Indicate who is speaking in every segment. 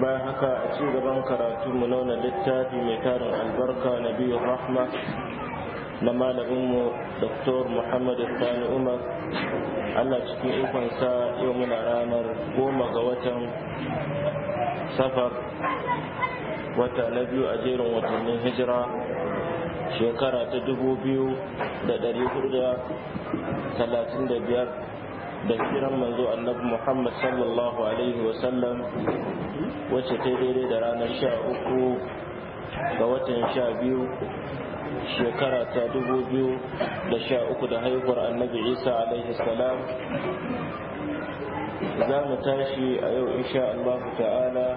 Speaker 1: bayan haka a ci gaban karatu mu nuna littafi mai tarin albarka na biyu rahma na malaminmu dr muhammad sani umar allah cikin ikonsa yau muna ranar goma ga watan safar wata na biyu a jerin watannin hijira shekara ta dubu biyu da ɗari hudu da talatin da biyar da kiran manzo annabi Muhammad sallallahu alaihi wasallam wacce ta daidai da ranar sha uku ga watan sha biyu shekara ta dubu biyu da sha uku da haihuwar annabi isa alaihi salam za mu tashi a yau insha Allah ta'ala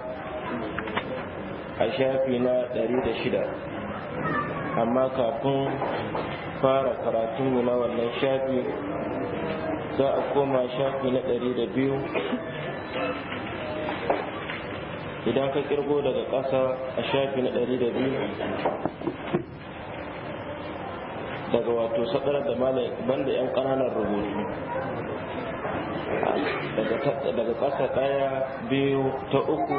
Speaker 1: a shafi na ɗari da shida amma kafin fara karatunmu na wannan shafi za a koma shafi na ɗari da biyu idan ka kirgo daga ƙasa a shafi na ɗari da biyu daga wato sadarar da malaban da 'yan ƙananan rubutu daga ƙasa ɗaya biyu ta uku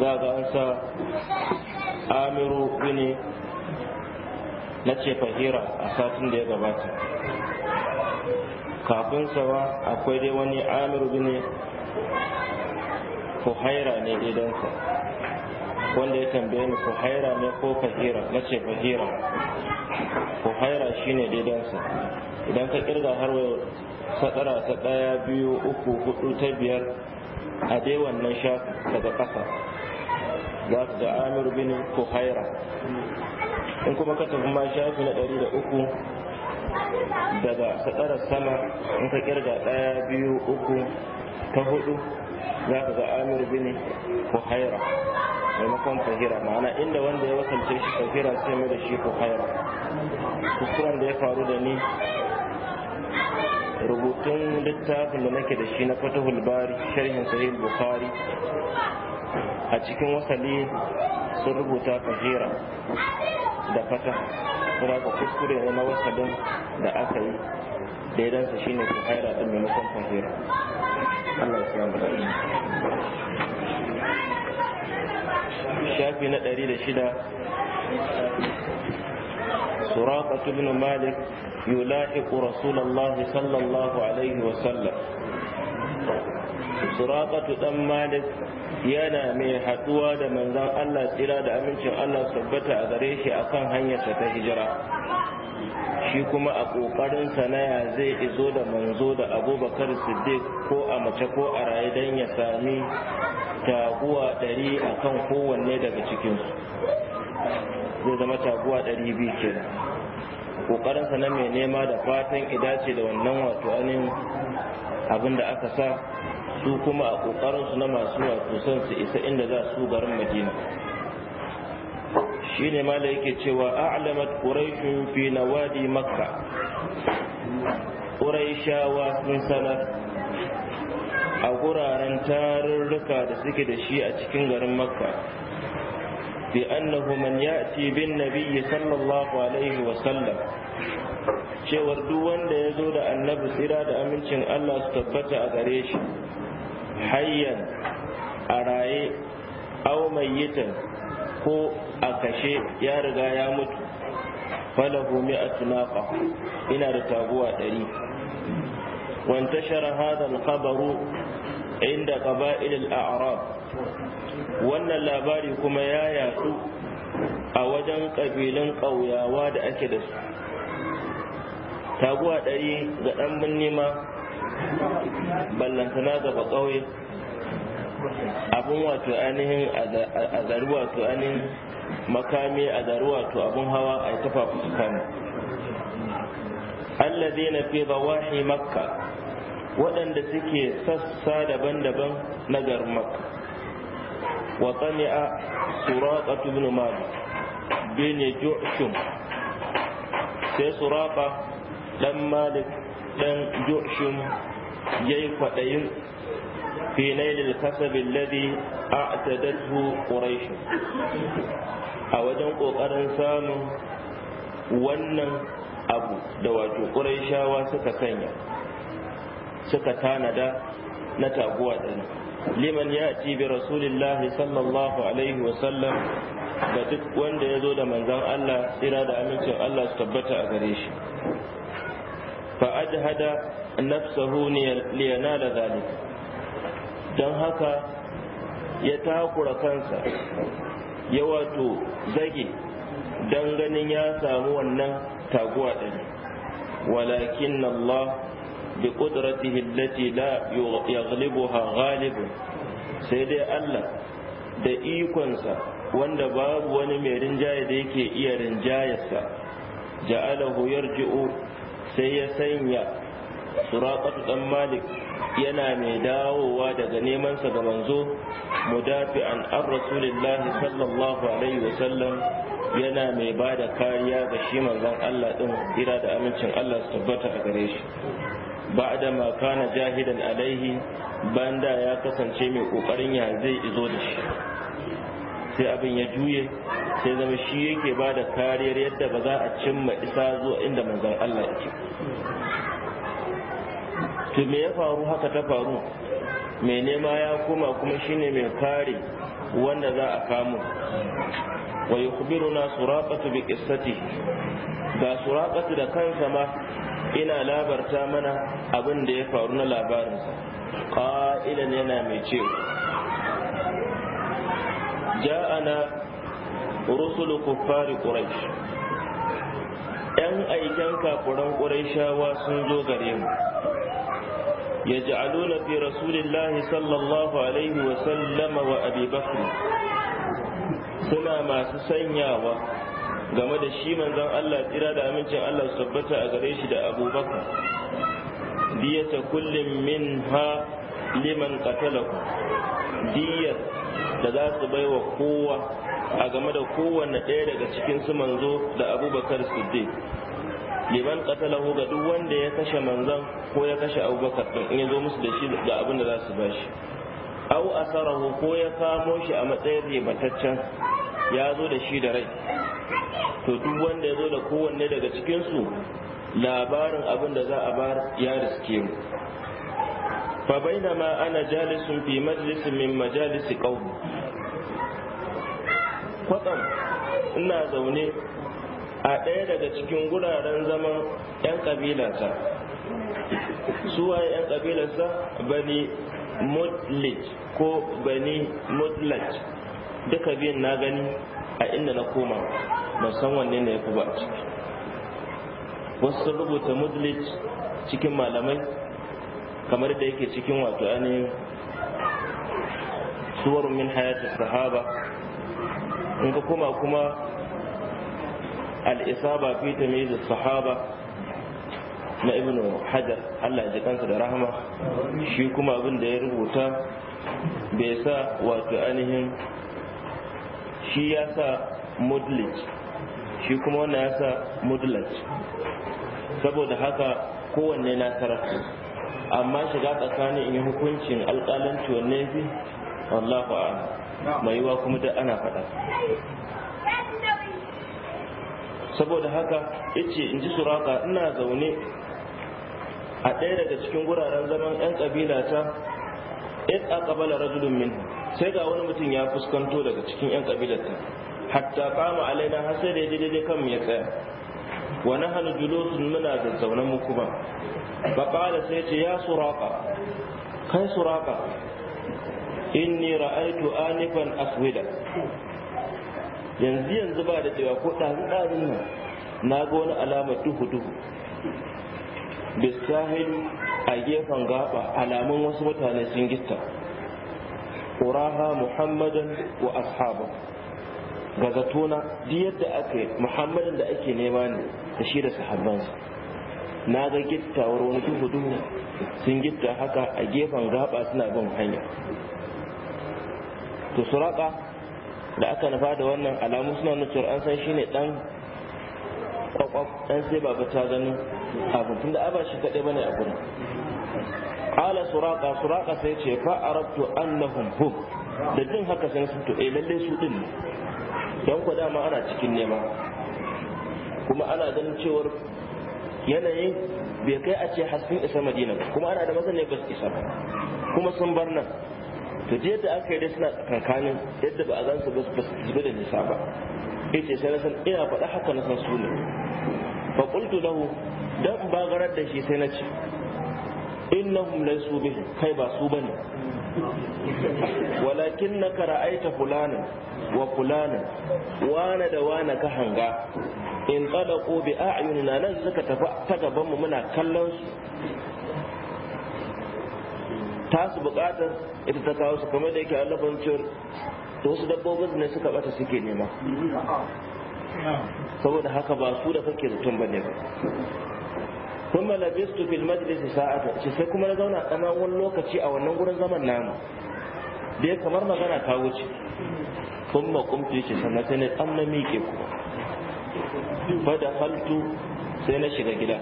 Speaker 1: za ga an sa amiru ne na ce fahira a satin da ya gabata kafin sawa akwai dai wani amir bin fuhaira ne idansa, wanda ya tambaye ni fuhaira ne ko fahira nace fahira fuhaira shine idansa. idan ka kirga har wayo sadara ta daya biyu uku hudu ta biyar a dai wannan shafi daga ƙasa za ka ga amir bin fuhaira in kuma ka tafi ma shafi na ɗari da uku daga sadarar sama in ka kirga ɗaya biyu uku ta hudu za ka ga amir bin kuhaira maimakon fahira ma'ana inda wanda ya wakance shi fahira sai mai da shi kuhaira kuskuren da ya faru da ni rubutun littafin da nake da shi na fata bari sharhin sahih bukari a cikin wasali sun rubuta fahira da fata. kuma ka kuskure ne na da aka yi da ya dansa shine haira din maimakon fahira Allah ya shafi na ɗari da shida سراقة Malik مالك يلاحق رسول الله صلى الله عليه وسلم suraqatu dan malik yana mai haduwa da manzon Allah tsira da amincin Allah tabbata a gare shi akan hanyarsa ta hijira shi kuma a kokarin sa na ya zai izo da manzo da Abubakar Siddiq ko a mace ko a raye dan ya sami taguwa dari akan kowanne daga cikin su zai zama taguwa dari biyu kenan kokarinsa na mai nema da fatan idace da wannan wato anin abin da aka sa su kuma a ƙoƙarinsu na masu wato son su isa inda za su garin madina shi ne mala yake cewa a'lamat quraishun fi nawadi makka quraishawa sun sanar a guraren tarurruka da suke da shi a cikin garin makka bi annahu man ya'ti bin nabiyyi sallallahu alaihi wa sallam cewar duk wanda ya zo da annabi tsira da amincin Allah su tabbata a gare shi hayyan a raye au mayyitan ko a kashe ya riga ya mutu falahu a naqa ina da taguwa ɗari wantashara hadha al-khabaru inda qaba'il al-a'rab wannan labari kuma ya yatsu a wajen kabilan ƙauyawa da ake da su taguwa ɗari ga ɗan birni ma ballantana gaba ƙauye abin wato ainihin a zari wato ainihin makami a zari wato abin hawa a tafa fuskani allazi na fi zawahi makka waɗanda suke sassa daban-daban na garin makka wa tsani'a suraqatu ibn malu bin ju'shum sai suraqa dan malik ɗan jushum ya yi kwaɗayin fi nailil kasabin ladi a tadatu ƙuraishin a wajen ƙoƙarin samun wannan abu da wato ƙuraishawa suka sanya suka tanada na taguwa ɗin liman ya ci bi rasulillahi sallallahu alaihi wasallam ga duk wanda ya zo da manzan Allah tsira da amincin Allah su tabbata a gare shi فأجهد نفسه لينال ذلك don haka ya takura kansa ya wato zage don ganin ya samu wannan taguwa ɗin walakin Allah bi ƙudratihi hillati la ha galibin. sai dai Allah da ikonsa wanda babu wani mai rinjaya da yake iya rinjayarsa ja'alahu yarji'u sai ya sanya suraƙatu ɗan malik yana mai dawowa daga nemansa ga manzo mudafi'an an rasulillahi sallallahu alaihi wasallam yana mai ba da kariya ga shi manzon Allah ɗin ira da amincin Allah su tabbata a gare shi Ba ba'da ma kana jahidan alaihi banda ya kasance mai ƙoƙarin ya zai izo da shi sai abin ya juye sai zama shi yake ba da kariyar yadda ba za a cimma isa zuwa inda manzan Allah yake to me ya faru haka ta faru mai nema ya koma kuma shine mai kare wanda za a kamo wa na suraqatu bi qissati ga suraqatu da kansa ma ina labarta mana abin da ya faru na labarinsa qa'ilan yana mai cewa ja'ana rusulu kuffari quraish yan aikan kafuran quraishawa sun zo gare mu yaj'aluna fi rasulillahi sallallahu alaihi wa sallama wa abi bakr suna masu sanyawa game da shi manzon Allah tsira da amincin Allah su tabbata a gare shi da abubakar diyata kullum min ha liman katalaku diyar da za su bai wa kowa a game da kowanne ɗaya daga cikin su manzo da abubakar siddiq liman katalaku ga duk wanda ya kashe manzon ko ya kashe abubakar ɗin in ya zo musu da shi da abin da za su bashi au asarahu ko ya kamo shi a matsayin ribataccen ya zo da shi da rai to duk wanda ya zo da kowanne daga cikinsu labarin abin da za a bar ya riske mu فبينما أنا جالس fi مجلس min majalisi قوم kwatsam ina zaune a ɗaya daga cikin guraren zaman 'yan Su suwaye 'yan ƙabilarsa bani mutlit ko bani mutlat duka biyan na gani a inda na koma ban san wanne ne ya fi ba wasu rubuta mutlit cikin malamai kamar da yake cikin wato ainihin suwarun min hayati sahaba in ka koma kuma al'isaba fi tamiz sahaba na ibn hajar allah ya da rahama shi kuma abin da ya rubuta bai sa wato ainihin shi ya sa mudlic shi kuma wannan ya sa mudlic saboda haka kowanne na sarrafa amma shiga tsakanin in yi hukuncin alƙalanci wanne yafi wallahu a mai yiwa kuma da ana faɗa saboda haka ice in ji suraka ina zaune a ɗaya daga cikin guraren zaman 'yan ƙabila ta in ƙabala rajulun min sai ga wani mutum ya fuskanto daga cikin 'yan ƙabilar ta hatta kama alaina har sai da ya daidai kan ya tsaya wa nahnu julusun muna da zaune mu kuma ba kala sai ce ya suraka kai suraka inni ra'aytu anifan aswida yanzu yanzu ba da cewa ko ɗazu ɗazu nan na ga wani alamar duhu duhu bisahilu a gefen gaba alamun wasu mutane sun gista uraha muhammadan wa ashabahu ga zatona duk yadda aka yi muhammadin da ake nema ne da shi da sahabbansa na ga gittawar wani duhu duhu sun gitta haka a gefen gaba suna bin hanya to suraka da aka nufa da wannan alamu suna nuna cewa an san shine dan kwakwaf dan sai baba ta gano abin tunda aba shi kadai bane a gurin Ala suraka suraka sai ce fa arabtu annahum hum da din haka sai sun to eh lalle su din yan ku dama ana cikin nema kuma ana ganin cewar yanayin bai kai a ce hasken isa madina kuma ana da masana ba su isa ba kuma sun bar nan to je da aka yi dai suna kankanin yadda ba a zan su ba su da nisa ba ya ce sai na san ina faɗa haka na san su ne fa qultu lahu dan ba garar da shi sai na ce innahum laysu bihi kai ba su bane walakin na kara'aita fulanin wa fulanin wane da wane ka hanga in ko bi na nan suka tafi ta gabanmu, muna kallon su su bukatar ita ta kawo su kuma da yake allafin cewar da wasu dabbobin ne suka bata suke nema saboda haka ba su da kake zaton ba ne ba kuma labistu fil majlis sa'ata shi sai kuma na zauna kana wani lokaci a wannan gurin zaman namu dai kamar magana ta wuce kuma kumtu yace sannan sai na dan na miƙe ku. fa da haltu sai na shiga gida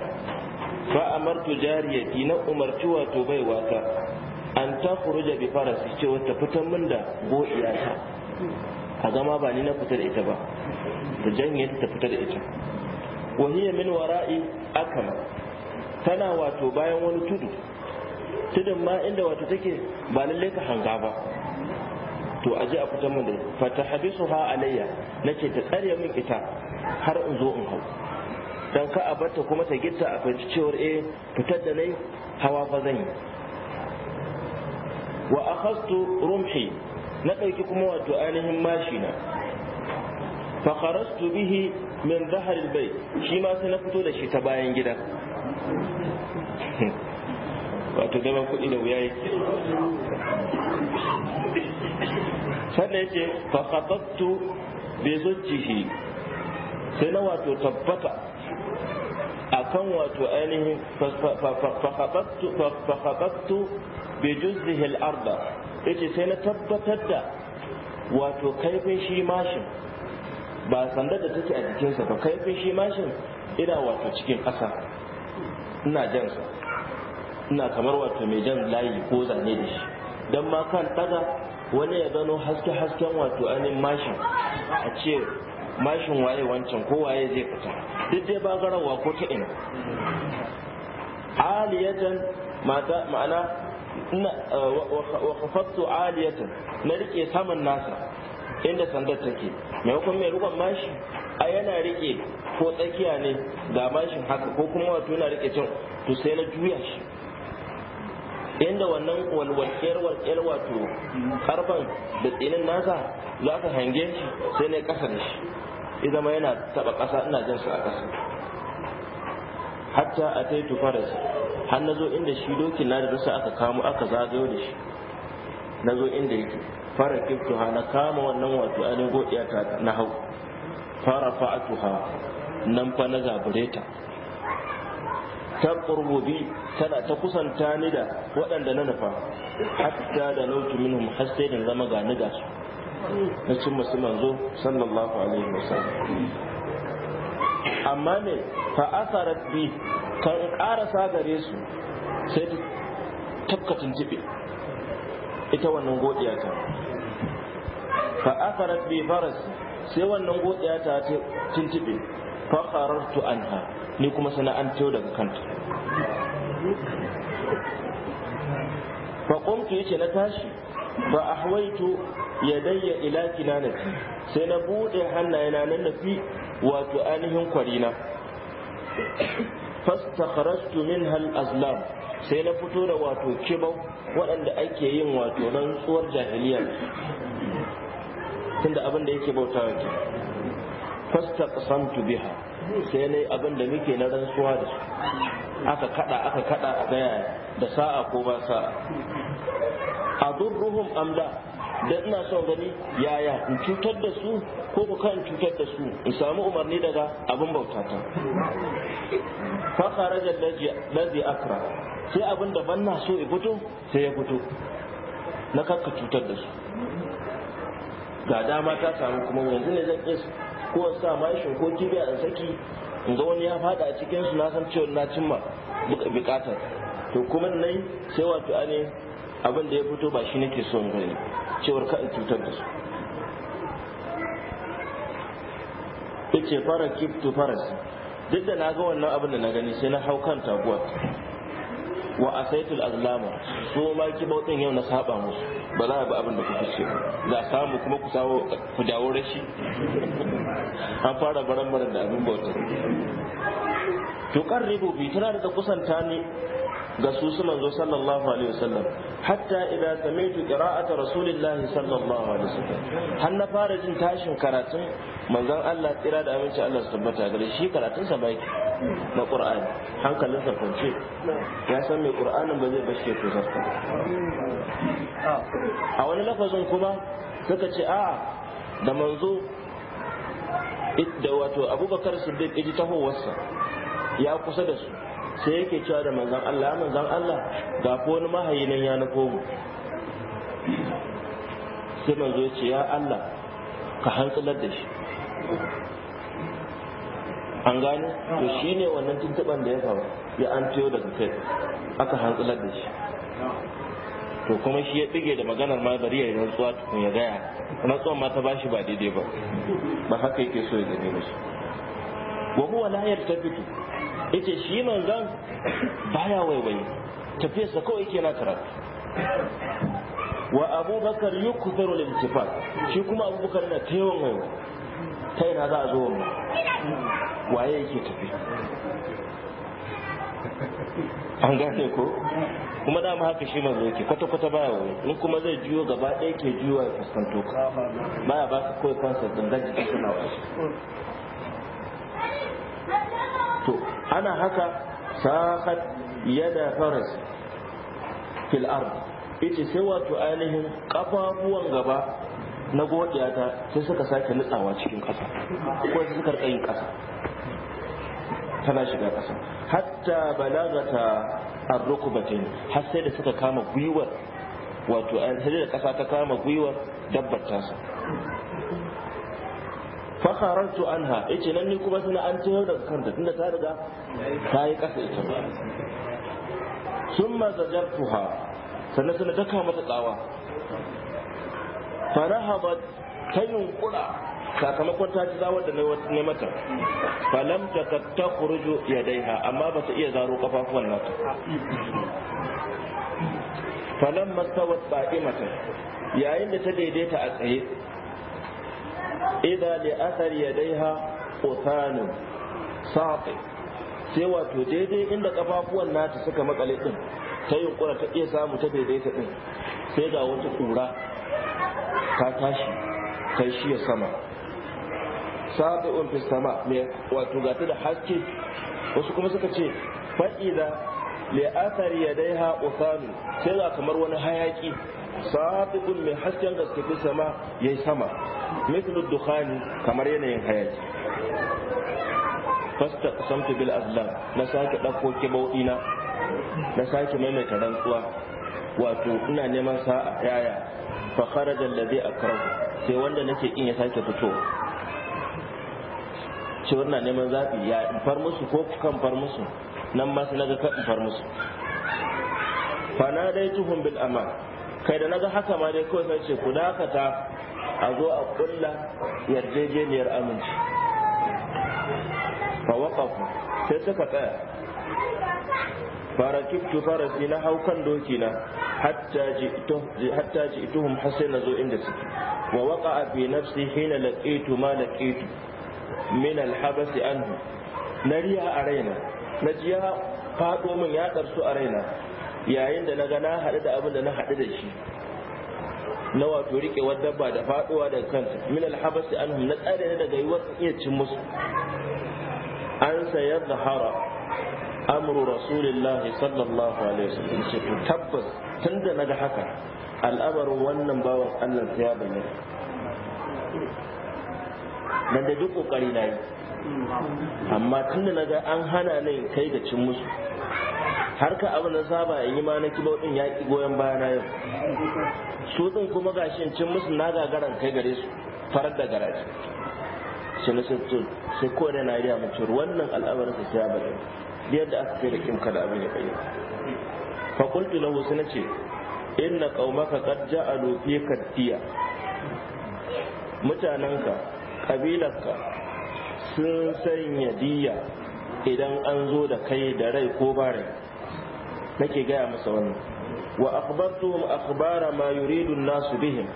Speaker 1: fa amartu jariyati na umarci wato baiwata an ta furuja bi farasi ce wata fitan min da ta a zama ba ni na fita da ita ba da janye ta fita da ita wahiyya min wara'i akama tana wato bayan wani tudu tudun ma inda wato take ba lallai ka hanga ba to aje a fitan mu da fa ta hadisu ha alayya nace ta tsare min ita har in zo in hau dan ka a barta kuma ta gitta a fahimci cewar eh fitar da nai hawa fa zan yi wa akhadtu rumhi na ɗauki kuma wato ainihin mashi na fa kharastu bihi min dhahril bayt shi ma sai na fito da shi ta bayan gidan. wato zaman kuɗi da wuya yake sannan yake fakatattu bai bi zujjihi sai na wato tabbata akan wato ainihin fakatattu bai bi juzzihi al Ya ce sai na tabbatar da wato kaifin shi mashin ba sanda da take a jikinsa ba kaifin shi mashin ina wato cikin ƙasa ina jan sa ina kamar wato mai jan layi ko zane da shi don ma kan daga wani ya gano haske hasken wato anin mashin a ce mashin waye wancan ko waye zai fita duk dai ba garawa ko ta ina aliyatan mata ma'ana ina eh, wa khafattu aliyatan na rike saman nasa inda sandar take maimakon mai rukon mashi a yana rike ko tsakiya ne ga bashin haka ko kuma wato yana rike can to sai na juya shi Inda wannan walwalƙiyar walƙiyar wato karfan da tsinin nasa za ka hange shi sai na ƙasa da shi idan ma yana taɓa ƙasa ina jin su a ƙasa hatta a taitu faras har na zo inda shi dokin na da rusa aka kamo aka zagayo da shi na zo inda yake fara kiftuha na kama wannan wato ainihin godiya ta na hau fara fa'atuha nan fa na zabure ta ta qurbubi tana ta kusanta ni da waɗanda na nufa hatta da lautu minhum har sai da zama ga ni su na cin musu manzo sallallahu alaihi wasallam amma ne fa asarat bi kan ƙara gare su sai ta tabkatin jibe ita wannan godiya ta fa asarat bi faras sai wannan godiya ta tuntube fakarartu anha ni kuma sana'anto daga kanta faƙumtu yace na tashi ba a hawaitu ya dayya ila kinanati sai na buɗe hannaye na nafi wato ainihin kwarina fastakarastu min hal azlam sai na fito da wato kibau waɗanda ake yin wato rantsuwar jahiliya tunda abin da yake bautawa ke fastaqsamtu biha sai nayi abin da muke na rantsuwa da su aka kada aka kada a gaya da sa'a ko ba sa'a adurruhum am la da ina son gani yaya in cutar da su ko ku kan cutar da su in samu umarni daga abin bautata fa kharaja allazi akra sai abin da ban na so ya fito sai ya fito na kakka cutar da su ga dama ta samu kuma yanzu ne zan iya ko sa mashin ko kibiya in saki in ga wani ya fada a cikin su na san cewa na cimma bukatar to kuma nan sai wato ne abin da ya fito ba shi nake so gani cewar ka in cutar da su yace fara kiftu farasi duk da na ga wannan abin da na gani sai na hau kan taguwa wa asaitul azlama su ma bautan yau na saba musu ba za a bi abin da kuke ce za samu kuma ku sawo ku dawo rashi an fara baran da abin bautar tuqarribu bi tana da kusanta ne ga su su manzo sallallahu alaihi wasallam hatta idza sami'tu qira'ata rasulillahi sallallahu alaihi wasallam har na fara jin tashin karatun manzon Allah tsira da aminci Allah su tabbata gare shi karatun sa baki na Qur'ani hankalin sa kwance ya san mai Qur'anin ba zai bashe ko zarta a wani lafazin kuma suka ce a da manzo da wato Abubakar Siddiq ya ji tahowarsa ya kusa da su sai yake cewa da manzan Allah manzan Allah ga wani mahayi nan ya nufo mu sai manzo ya ce ya Allah ka hantsalar da shi an gane to ne wannan tuntuban da ya faru ya an tiyo daga kai aka hantsalar da shi to kuma shi ya bige da maganar ma bari ya yi rantsuwa tukun ya gaya rantsuwan ma ta bashi ba daidai ba ba haka yake so ya zane ba shi wa huwa la yartabitu ita shi manzan baya waiwaye tafiyarsa kawai ke na tara wa abubakar yukuthiru al-iltifat shi kuma abubakar yana taiwon waiwaye ta yana za a zo mu waye yake tafi an gane ko kuma dama haka shi manzo yake kwata-kwata baya wuri in kuma zai juyo gaba ɗaya ke juyo ya fuskanto ka baya ba ka kawai kansa gangan jikin suna wasu to ana haka sahat yada faras fil ard ita sai wato ainihin kafafuwan gaba na godiya ta sai suka sake nutsawa cikin kasa, ko sai suka rika kasa. tana shiga kasa. hatta balagata arrukubatin har sai da suka kama gwiwar wato sai da kasa ta kama gwiwar dabbar tasa an anha yace nan ni kuma suna an tayar daga kanta tunda ta riga ta yi kasa ita ba summa zajartuha sannan suna daka mata tsawa farahaba ta yunkura sakamakon ta ji zawar da na mata falam ta ta kurujo yadaiha amma ba ta iya zaro kafafuwan nata falam mastawat ba'imata yayin da ta daidaita a tsaye idza li athar yadaiha quthanun saqi sai wato daidai inda kafafuwan nata suka makale din ta yunkura ta iya samu ta ta din sai ga wata kura ta tashi kai shi ya sama sabi'un fi sama mai wato gata da haske wasu kuma suka ce fa'ida li athari yadaiha usanu sai ga kamar wani hayaki un mai hasken gaske fi sama yayi sama mithlu dukhani kamar yanayin hayaki fasta samtu bil azlam na sake ɗauko kibaudi
Speaker 2: na
Speaker 1: sake maimaita rantsuwa wato ina neman sa'a yaya fa kharaja allazi akrahu sai wanda nake in ya sake fito ce wannan neman zaɓi ya in far ko kan far nan ma naga kan in fa na dai tuhum bil kai da naga haka ma dai kawai sai ce ku dakata a zo a kulla yarjejeniyar aminci fa waqafu sai suka tsaya farakibtu farasi na haukan doki na hatta ji ituhum hasai na zo inda suke wa waka a fi nafsi hina laƙetu ma laƙetu min alhabasi anhu na riya a raina na ji ya faɗo min ya ɗarsu a raina yayin da na na haɗu da abin da na haɗu da shi na wato rikewar dabba da faduwa da kanta min alhabasi anhum na tsare daga yiwuwar iya cin musu an sayar da hara amru rasulillah sallallahu alaihi wasallam ce to tabbas tunda naga haka al'amarin wannan bawan Allah ya bayyana nan da duk kokari na yi amma tun da naga an hana ni in kai ga cin musu har ka abu na saba in yi ma na kibo din ya ki goyon na yau su din kuma gashin cin musu na gagaran kai gare su farar da garaji sai na sai ko da na yi mace wannan al'amarin sa ya bada yadda aka kai da kimka da abin ya
Speaker 2: bayyana
Speaker 1: fa qultu lahu sai nace inna qaumaka qad ja'alu fika tiya mutananka kabilarka sun sanya diya idan an zo da kai da rai ko ba rai nake gaya masa wannan wa akhbartuhum akhbara ma yuridu nasu bihim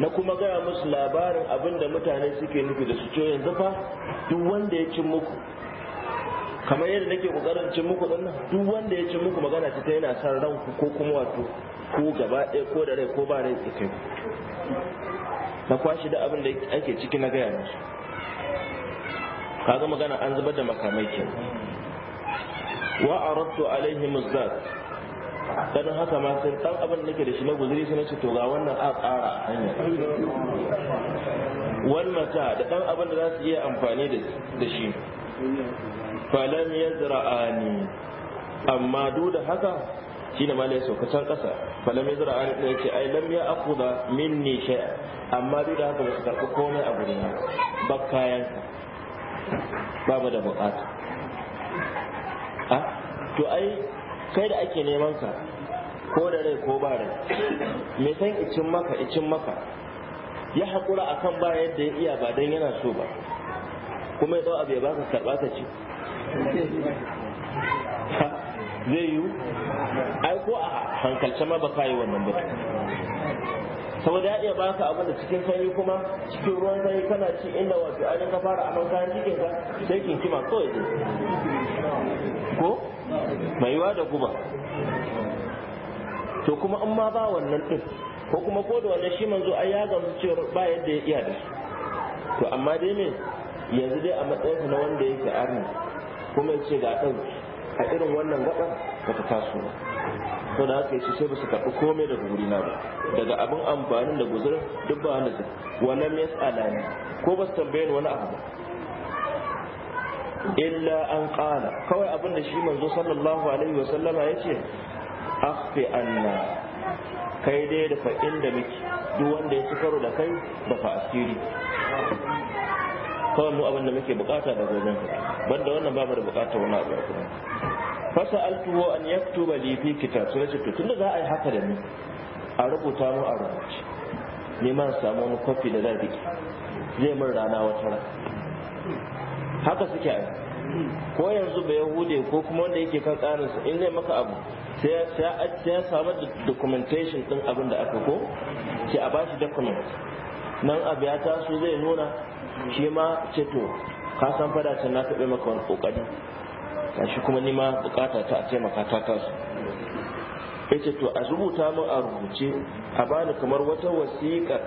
Speaker 1: na kuma gaya musu labarin abin da mutane suke nufi da su coyin fa duk wanda ya cin muku kamar yadda nake kokarin cin muku nan, duk wanda ya cin muku magana ta yana san ranku ko kuma wato ko gaba ɗaya ko da rai ko ba rai kai, na kwashi da abin da ake ciki na gaya musu kaga magana an zubar da makamai ke wa aradtu alaihim zat dan haka ma sai dan abin da nake da shi na guzuri sai nace to ga wannan a tsara hanya wal mata da dan abin da za su iya amfani da shi falam yazra'ani amma duk da haka shine ma ne saukacin ƙasa falam yazra an ɗaya ce ai lam ya akuda minni shay amma duk da haka ba su karɓi komai a gurina ba kayan Babu da bukata ah, to ai kai da ake neman ka ko da rai ko ba rai me san icin maka icin maka ya haƙura akan ba yadda ya iya ba dan yana so ba kuma ya ɗau abu ya baka karɓa ka ce zai yiwu ai ko a hankalce ma ba ka yi wannan ba saboda ya iya baka abu da cikin sanyi kuma cikin ruwan sanyi kana ci inda wato ainihin ka fara aman kayan cikin ka sai kinkima kawai ko mai yiwa da guba to kuma in ma ba wannan din ko kuma ko da wannan shi manzo ai ya gamsu cewa ba yadda ya iya da shi to amma dai me yanzu dai a matsayin na wanda yake arni kuma ya ce ga ɗan a irin wannan gaba ka ta taso to da haka yace sai ba su karɓi komai daga na ba daga abin amfanin da guzur duk ba wanda zai wannan mai tsalani ko ba su tambaye wani abu ba illa an ƙana. kawai abin da shi manzo sallallahu alaihi wa sallama yace akhfi anna kai dai da fa inda muke duk wanda ya ci karo da kai da fa asiri kawai mu abin da muke bukata da gobe banda wannan ba mu da bukata wani abu a kuma fasa'altuhu an yaktuba li fi kita su ce to tunda za a yi haka da ni a rubuta mu a rubuce ni ma samu wani kofi da zai biki zai min rana wata ran haka suke a ko yanzu ba yahude ko kuma wanda yake kan tsarinsa in zai maka abu sai ya samu documentation din abin da aka ko ce a bashi document nan abu ya taso zai nuna shi ma ce to ka san fada can na taɓa maka wani kokari shi kuma nima bukata ta a taimaka ta kasu ya to a rubuta min a rubuce a bani kamar wata wasiƙar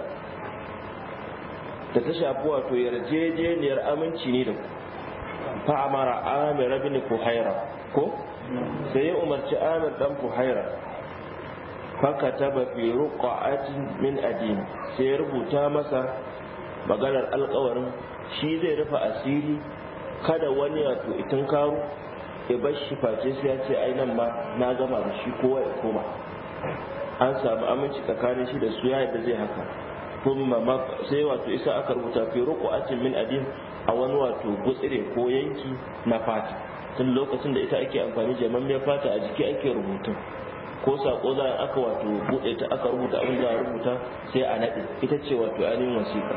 Speaker 1: da ta shafi wato yarjejeniyar aminci ne da ku fa'amara amir rabin haira ko sai ya umarci amir dan ku haira fakata ta bafi ruqa'atin min adini sai ya rubuta masa maganar alkawarin shi zai rufe asiri kada wani wato itin kawo ya bar shi face sai ya ce ai nan ma na gama da shi kowa ya koma an samu aminci tsakanin shi da su ya yadda zai haka kuma sai wato isa aka rubuta fi ruku'atin min adin a wani wato gutsire ko yanki na fata tun lokacin da ita ake amfani jamammiyar fata a jiki ake rubutun ko sako za aka wato buɗe ta aka rubuta abin za rubuta sai a naɗe ita ce wato ainihin wasiƙa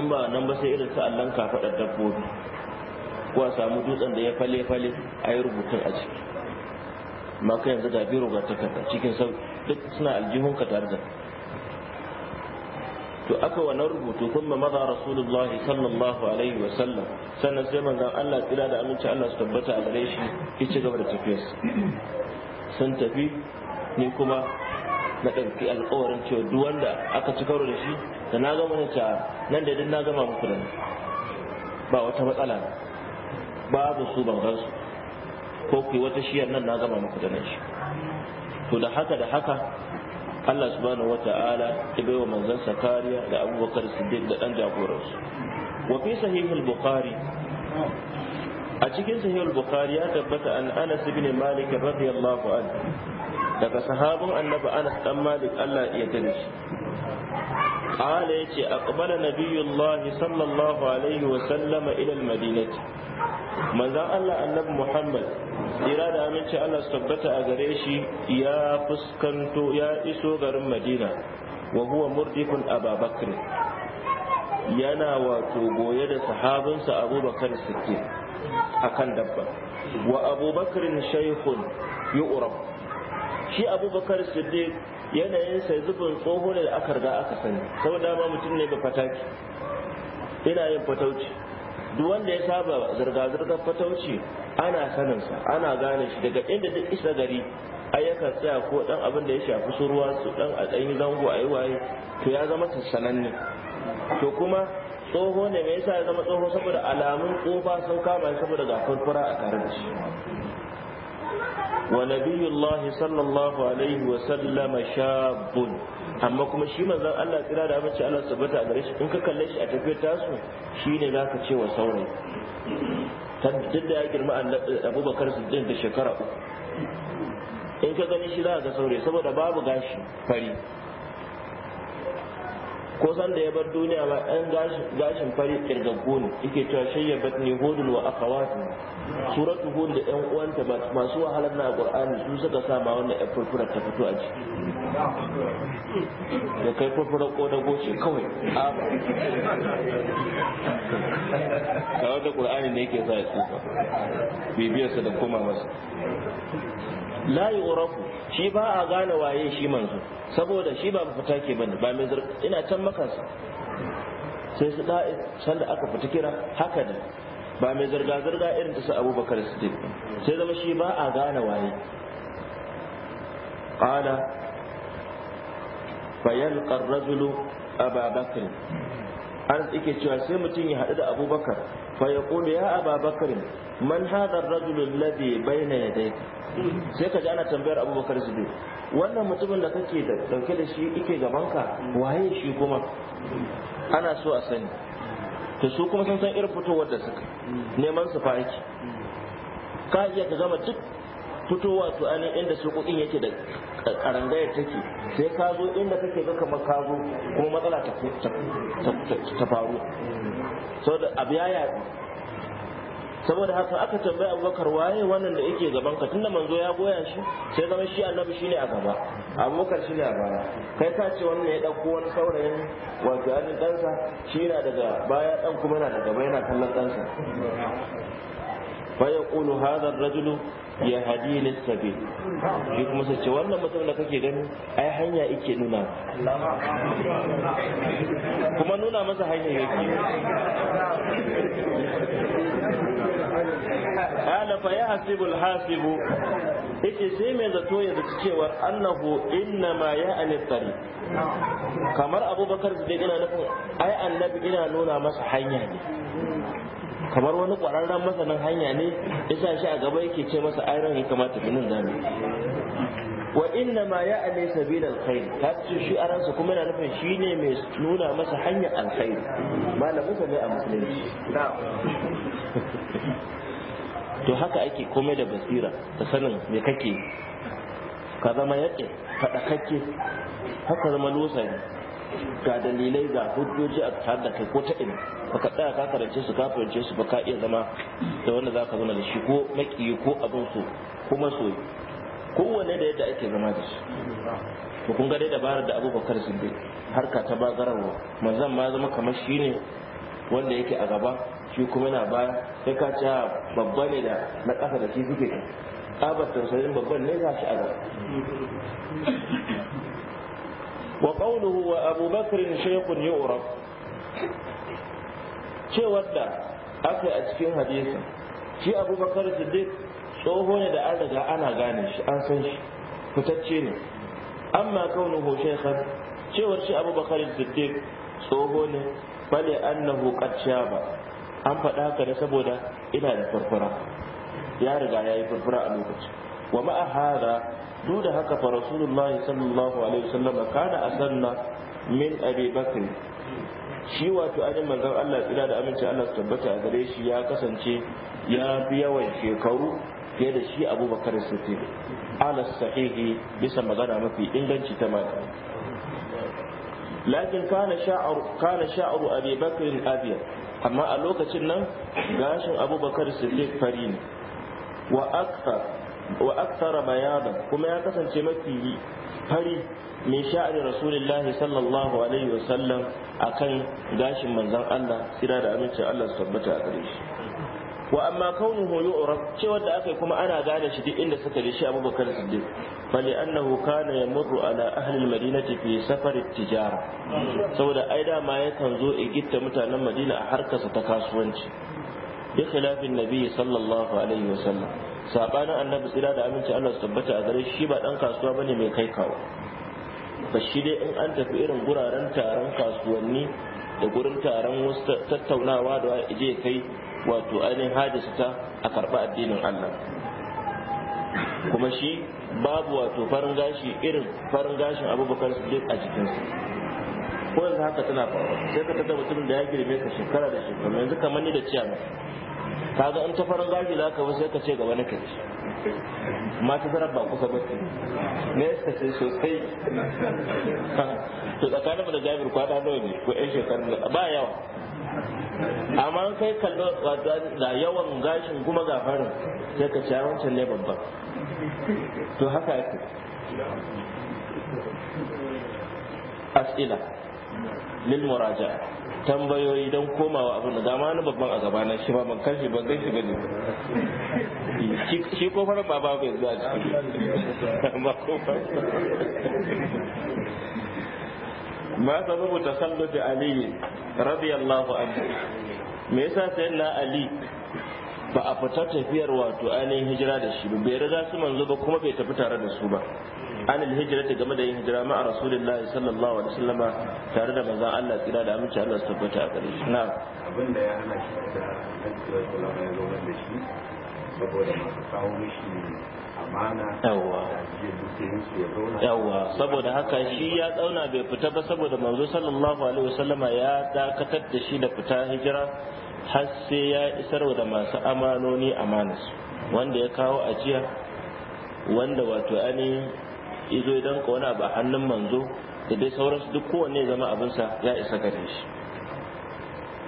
Speaker 1: in ba nan ba sai irin sa'allan kafaɗar dabbobi ko a samu dutsen da ya fale fale a yi rubutun a ciki ma ka yanzu ga biro ga takarda cikin sau duk suna aljihun ka tare da to aka wannan rubutu kun ma maza rasulullah sallallahu alaihi wa sallam sannan sai manzon Allah tsira da aminci Allah su tabbata a gare shi ya ci gaba da tafiyarsa sun tafi ni kuma na ɗauki alƙawarin cewa duk wanda aka ci karo da shi da na gama na nan da na gama muku da ba wata matsala babu su ban gansu ko wata shiyar nan na gama maku da nan shi to da haka da haka Allah subhanahu wata'ala ya bai wa manzansa kariya da abubakar siddiq da dan jagoransu wa fi sahihul bukhari a cikin sahihul bukhari ya tabbata an anas ibn malik radiyallahu anhu daga sahabun annabi anas dan malik Allah ya tare shi qala yace aqbala nabiyullah sallallahu alaihi wa sallama ila almadinah manzan Allah annabi muhammad jira da aminci Allah su tabbata a gare shi ya fuskanto ya iso garin madina wa huwa murdifun ababakr yana wato goye da sahabinsa abubakar sikki akan dabba wa abubakar shaykhun yu'rab shi abubakar siddiq yanayin sai zubin tsoho ne da aka riga aka sani saboda dama mutum ne ba fataki ina yin fatauci duk wanda ya saba zirga-zirgar fatauci ana saninsa ana gane shi daga inda duk isa gari ayyukan tsaya ko dan abin da ya shafi su ruwa su dan a zango a yi waye to ya zama sananne to kuma tsoho ne mai yasa ya zama tsoho saboda alamun kofa sun kama saboda ga furfura a tare da shi wa nabiyullahi sallallahu alaihi wa sallama shabun amma kuma shi manzon Allah tsira da amince Allah subhanahu a gare shi in ka kalle shi a tafiyar tasu shine zaka ce wa saurayi duk da ya girma Abubakar Siddiq da shekara uku in ka gani shi za ga saurayi saboda babu gashi fari ko san da ya bar duniya ba ɗan gashin fari ƙirgaggu ne yake cewa shayya batni hudul wa akawatu suratu hud da ɗan uwanta ba masu wahalar na qur'ani su suka sa ma wannan ɗan furfura ta fito a ciki da kai furfura ko da goce kawai a ka wanda qur'ani ne yake sa ya tsufa bibiyarsa da koma masa la yu'rafu shi ba a gane waye shi manzo saboda shi ba mafita ke bane ba mai zurfi ina can makansa sai su da sanda aka fita kira haka da ba mai zirga zirga irin ta su abubakar siddiq sai zama shi ba a gane waye qala fayalqa ar a ababakar an yake cewa sai mutum ya haɗu da abubakar fa ya ya ababakar man hadha ar-rajulu alladhi bayna yadayka sai ka ji ana tambayar abubakar zube. wannan mutumin da kake da dauke da shi ike gabanka waye shi kuma ana so a sani to su kuma sun san irin fitowar da suka neman su fa'iki ka iya ka gama duk fitowa to ainihin inda sukukin yake da karangayar take sai ka zo inda kake ga kamar ka zo kuma matsala ta faru saboda abu ya yaɗu saboda haka aka tambayi abubakar waye wannan da yake gaban ka tunda manzo ya goya shi sai zama shi annabi shine a gaba abubakar ne a baya kai ka ce wannan ya dauko wani saurayin wato anin dansa shi yana daga baya dan kuma yana daga gaba yana kallon dansa fa yaqulu hadha ar-rajulu ya as lissabi shi kuma sai ce wannan mutum da kake gani ai hanya yake nuna kuma nuna masa hanya yake qala fa yahsibu alhasibu yace sai mai zato ya zaci cewar annahu inna ma ya tsari kamar abubakar zai ina nufin ai annabi ina nuna masa hanya ne kamar wani ƙwararren masanin hanya ne isa shi a gaba yake ce masa ai ran ya kamata nan zamu wa inna ma ya ame sabila alkhair hatta shi a ransa kuma yana nufin shi ne mai nuna masa hanyar alkhair malamin sa ne a musulunci to haka ake komai da basira da sanin me kake ka zama fada kake haka zama losa ga dalilai ga hujjoji a tare da kai ko ta ina baka tsaya ka karance su ka fahimce su ba iya zama da wanda zaka ka zama da shi ko makiyi ko abin su kuma so kowanne da yadda ake zama da shi Ko kun ga dai dabarar da abubakar siddiq harka ta bagararwa manzon ma zama kamar shi ne wanda yake a gaba shi kuma yana baya sai ka ci ah, babba ne da na ƙasa da shi suke tsabar tausayin babban ne za shi a gaba wa qawluhu wa abubakar shaykhun yu'raf cewar da aka a cikin hadisi shi abubakar siddiq tsoho ne da an riga ana gane shi an san shi fitacce ne amma ho shaykhan cewar shi bakarin siddiq tsoho ne bale annahu qad ba. an faɗa haka ne saboda ina da farfara ya riga ya yi farfara a lokaci wa ma'ahara hada duk da haka fa rasulullahi sallallahu alaihi wasallam kana asanna min abi bakr shi wato ajin manzon Allah tsira da aminci Allah su tabbata a gare shi ya kasance ya fi yawan shekaru fiye da shi abubakar siddiq ala sahihi bisa magana mafi inganci ta mata lakin kana sha'aru kana sha'ru abi bakr abiyar amma a lokacin nan gashin abubakar siddiq fari ne wa aksara wa bayada kuma ya kasance mafi fari mai sha'ari rasulullahi sallallahu alaihi wasallam kan gashin manzon Allah kira da amincin Allah su tabbata a gare wa amma hoyo yu'raf cewa da aka yi kuma ana gane shi duk inda suka je shi bakar Siddiq fali annahu kana yamurru ala ahli al-madinati fi safar tijara saboda ai da ma yakan zo gitta mutanen Madina a harkarsa ta kasuwanci bi khilafin nabi sallallahu alaihi wasallam sabanin annabi tsira da aminci Allah su tabbata a gare shi ba dan kasuwa bane mai kai kawo ba shi dai in an tafi irin guraren taron kasuwanni da gurin taron wasu tattaunawa da je kai wato ainihin hajjinsu ta a karɓi addinin Allah kuma shi babu wato farin gashi irin farin gashin abubakar su a jikinsu ko yanzu haka tana faruwa sai ka tada mutumin da ya girme ka shekara da shekara yanzu kamar ni da Ka ga in ta farin gashi za ka wasu sai ka ce wani kaci kai mata zarar ba kusa ba ne ya kace sosai to tsakaninmu da jami'ar kwaɗa nawa ne ko 'yan shekaru ba yawa amma kai kallo da yawan gashin kuma ga farin sai ka ciya wancan ne babban to haka yake as'ila lil muraja tambayoyi don komawa abin da dama na babban a gaba na shi ba ban kashi ban gashi ba ne shi kofar baba bai zuwa ciki ba ma sababu tasalluti ali radiyallahu anhu me yasa sayyidina ali ba a fita tafiyar wato ainihin hijira da shi ba bai riga su manzo ba kuma bai tafi tare da su ba anil hijrati game da yin hijira ma'a rasulullah sallallahu alaihi wasallam tare da manzon Allah tsira da aminci Allah su tabbata a gare shi na'am
Speaker 2: abin da ya hana shi da annabi sallallahu alaihi wasallam ya zo da shi saboda masu kawo mishi yawwa saboda haka shi
Speaker 1: ya tsauna bai fita ba saboda manzo sallallahu alaihi wasallama ya dakatar da shi da fita hijira har sai ya isar da masu amanoni manasu. wanda ya kawo ajiya wanda wato ani izo idan kona wani ba hannun manzo da dai sauransu duk kowanne zama abinsa ya isa gare shi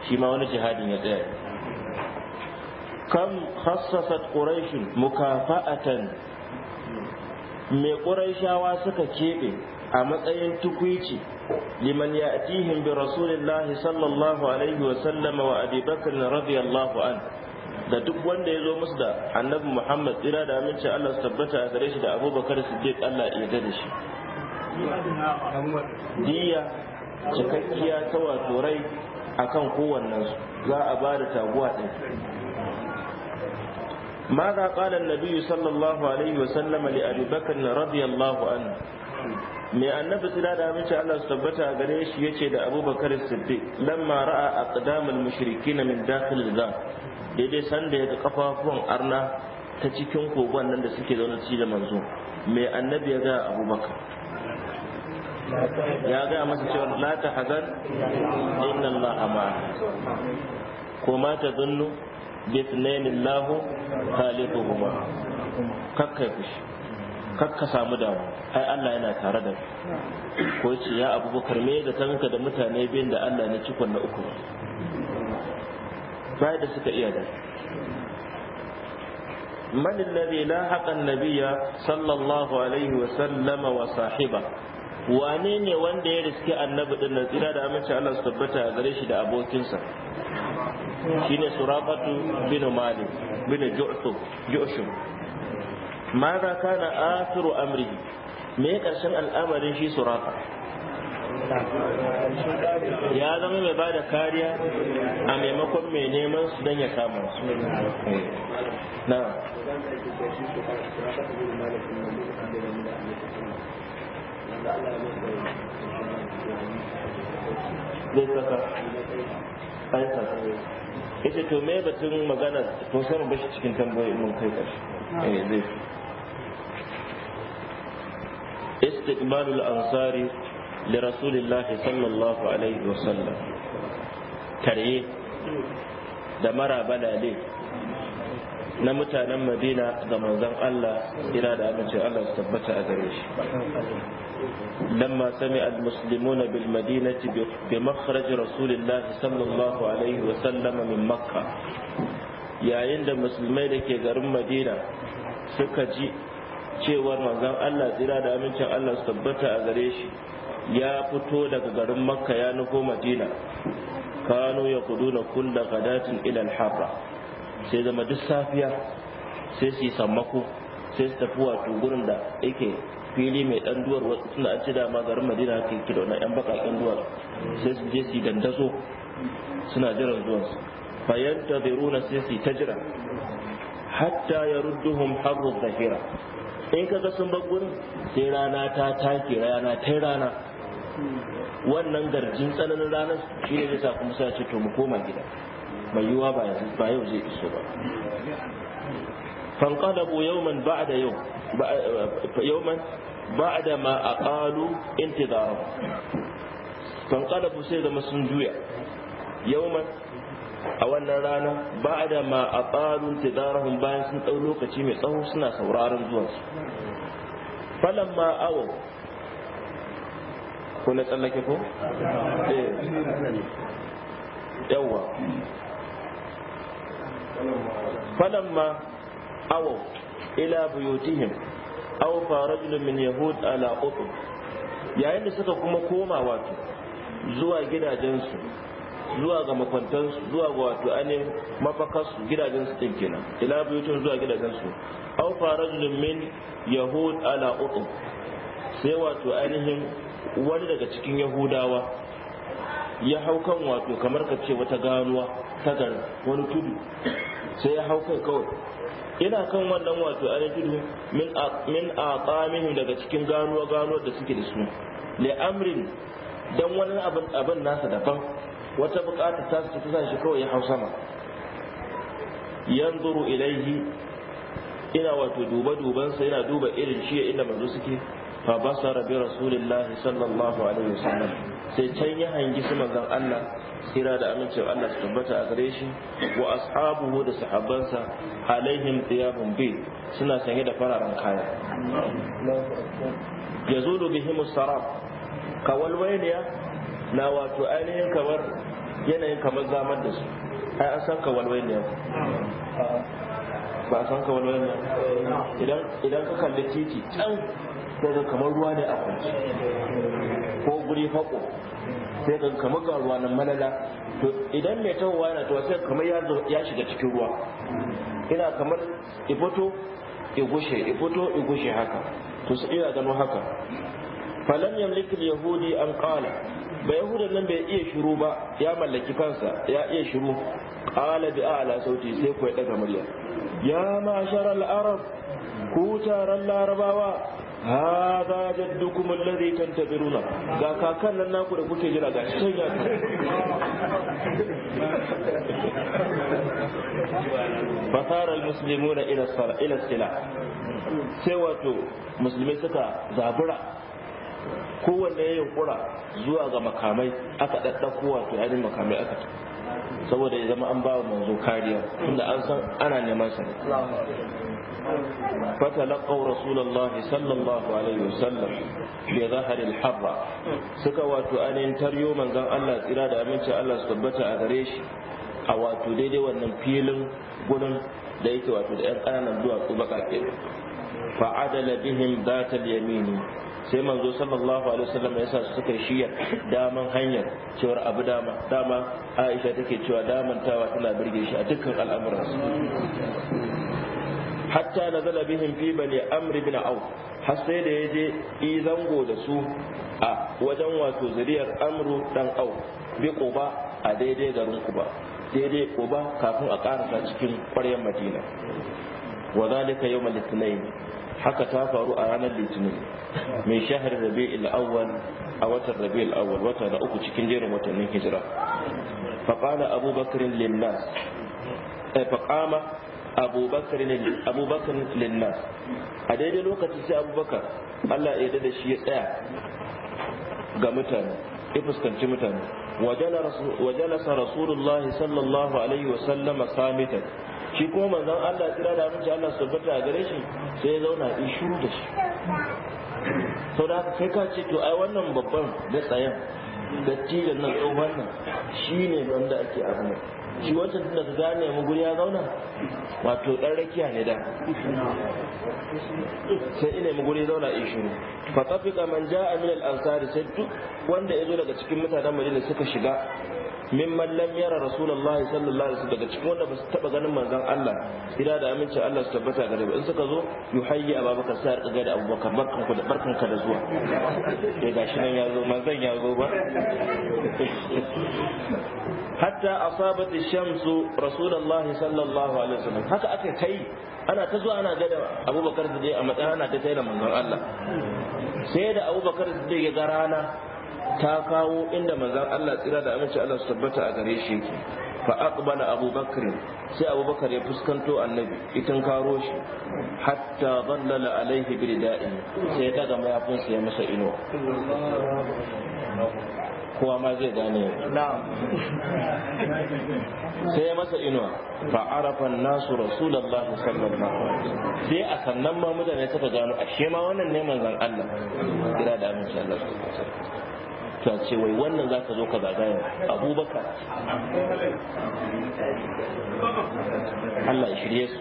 Speaker 1: shi ma wani jihadin ya tsaya kam khassasat quraish mukafa'atan mai ƙuraishawa suka keɓe a matsayin tukwici liman ya atihin bi rasulillahi sallallahu alaihi wa sallama wa abi bakr radiyallahu an da duk wanda ya zo musu da annabi muhammad tsira da aminci allah su tabbata a gare shi da abubakar siddiq allah ya da shi diya
Speaker 2: cikakkiya
Speaker 1: ta wato rai akan kowannensu za a ba da taguwa ɗin ماذا قال النبي صلى الله عليه وسلم لأبي بكر رضي الله عنه mai annabi tsira da amince Allah su tabbata a gare shi yace da Abu Bakar Siddiq lamma ra'a aqdamul mushrikina min dakhil al-zam daidai sanda ya ga kafafuwan arna ta cikin kogon nan da suke zaune ci da manzo Me annabi ya ga Abu Bakar ya ga masa cewa la tahzan inna Allah ma'a ko ma tadunnu bisnayn Allahu khaliquhuma kakkai kakka samu damu ai Allah yana tare da ko ce ya abubakar me da tanka da mutane bin da Allah ne cikon na uku bai da suka iya da man alladhi la haqa an-nabiyya sallallahu alaihi wa sallama wa sahiba wane ne wanda ya riske annabi din nan tsira da aminci Allah su tabbata a gare shi da abokinsa shine surabatu bin malik bin ju'tub ju'shum madha kana athiru amrihi me ya karshen al'amarin shi suraka. ya zama mai bada kariya a maimakon mai neman su don ya kama su
Speaker 2: na zai saka
Speaker 1: saka ya ce to me batun magana to sai mu bashi cikin tambayoyi mun kai kashi ah. eh zai استقبال الأنصار لرسول الله صلى الله عليه وسلم كريه دمر بلالي na mutanen madina ga manzan Allah ina da amince Allah su tabbata a gare shi Dan ma sami al-muslimuna bil madinati bi makhraj rasulillahi sallallahu alaihi wa sallama min makka yayin da musulmai da ke garin madina suka ji cewar manzan Allah tsira da amincin Allah su tabbata a gare shi ya fito daga garin makka ya nufo madina Kanu ya kuduna kulla gadatin ila al-harra sai zama duk safiya sai su yi sammako sai su tafi wato gurin da yake fili mai dan duwar wasu tunda an ce dama garin madina ke kira wannan yan bakaken duwar sai su je su dandazo suna jiran zuwan su bayan ta biruna sai su ta jira hatta ya rudduhum harru zahira in kaga sun bar gurin sai rana ta take rana ta rana wannan garjin tsananin ranar shi ne zai sa kuma sai ce to mu koma gida mai yiwa ba yau zai iso ba fanqalabu yawman ba'da yau yawman ba'da ma aqalu intidara fanqalabu sai zama sun juya yawman a wannan rana ba'da ma aqalu intidarahum bayan sun dau lokaci mai tsawo suna sauraron zuwansu falamma awaw ko na tsallake ko? Eh. yawwa falamma awaw ila buyutihim aw fa rajulun min yahud ala qutb yayin da suka kuma koma wato zuwa gidajensu zuwa ga makwantansu zuwa ga wato anin mafakarsu gidajensu din kenan ila buyutihim zuwa gidajensu aw fa rajulun min yahud ala qutb sai wato ainihin wani daga cikin yahudawa ya hau kan wato kamar ka ce wata ganuwa ta garin wani tudu sai ya hau kai kawai ina kan wannan wato a tudu min a tsamihin daga cikin ganuwa ganuwa da suke da su le amrin don wani abin nasa daban wata bukata ta su ta shi kawai ya hau sama yanzuru ilaihi ina wato duba dubansa yana duba irin shi inda manzo suke fa basara bi rasulillahi sallallahu alaihi wasallam sai can ya hangi su manzan Allah kira da amincin Allah su tabbata a gare shi wa ashabuhu da sahabbansa alaihim thiyabun bi suna sanye da fararen kaya yazulu bihim sarab kawalwailiya na wato ainihin kamar yanayin kamar zamar da su ai an san kawalwailiya ba san kawalwailiya idan idan ka kalli titi can sai ga kamar ruwa ne a kwanci ko guri fako sai ga kamar ga ruwa nan malala to idan mai tahowa yana to sai kamar ya shiga cikin ruwa ina kamar ifoto igushe ifoto igushe haka to sai ina gano haka falam yamlikin yahudi an qala ba yahudan nan bai iya shiru ba ya mallaki kansa ya iya shiru qala bi a'la sauti sai ku daga murya ya ma al-arab ku taron larabawa hada jaddukum alladhi tantaziruna ga kakan nan naku da kuke jira ga shi ya fasara almuslimuna ila sala ila sila sai wato musulmai suka zabura kowanne ya yunkura zuwa ga makamai aka daddako wato yayin makamai aka saboda ya zama an ba manzo kariya tunda an san ana neman sa فتلقوا رسول sallallahu alaihi الله عليه وسلم في ظهر suka wato anin taryo manzon Allah tsira da aminci Allah su tabbata a gare shi a wato daidai wannan filin gurin da yake wato da yan ƙananan duwatsu baƙaƙe fa'adala bihim sai manzo sallallahu alaihi wasallam ya sa suka shiya daman hanyar cewar abu dama dama Aisha take cewa damantawa tana birge shi a dukkan al'amuransu. hatta nazala bihim fi bani amr ibn au har sai da yaje i zango da su a wajen wato zuriyar amru dan au bi quba a daidai garin ba daidai quba kafin a karasa cikin ƙwaryar madina wa zalika yawm al haka ta faru a ranar litinin mai shahar rabi'il awwal a watan rabi'il awwal wata na uku cikin jerin watannin hijira faqala abubakar eh, fa qama abubakar ne abubakar lilla a daidai lokacin sai abubakar Allah ya da shi ya tsaya ga mutane ya fuskanci mutane sa rasulullah sallallahu alaihi wa sallama samitan shi kuma manzon Allah tsira da aminci Allah su bata a gare shi sai ya zauna in shuru da shi sau da kai ka ce to ai wannan babban da tsayan da nan tsohon nan shi ne wanda ake abin shi wancan tun da ka gane mu guri ya zauna wato dan rakiya ne da sai ina mu guri zauna in shiru fa man ja'a min al ansari sai duk wanda yazo daga cikin mutanen madina suka shiga mimman lam yara rasulullahi sallallahu alaihi wasallam daga cikin wanda ba su taba ganin manzon Allah ira da aminci Allah su tabbata gare in suka zo yuhayyi abubakar sai ga da abubakar barkan ku da barkan ka da zuwa dai eh, gashi nan ya zo manzon ya zo ba hatta asabat ash-shamsu rasulullahi sallallahu alaihi wasallam haka aka kai ana ta zuwa ana gada abubakar da dai a matsayin ana ta kai da manzon Allah sai da abubakar da ya ga rana ta kawo inda manzan Allah tsira da aminci Allah su tabbata a gare shi yake fa aqbala abubakar sai abubakar ya fuskanto annabi itin karo shi hatta dhallala alaihi bida'in sai ya daga mayafin ya masa inuwa kowa ma zai gane sai ya masa inuwa fa arafan nasu rasulullahi sallallahu alaihi sai a sannan ma mutane suka gano ashe ma wannan ne manzon Allah kira da amince Allah ta ce wai wannan za ka zo ka zagaya abubakar Allah ya shirye su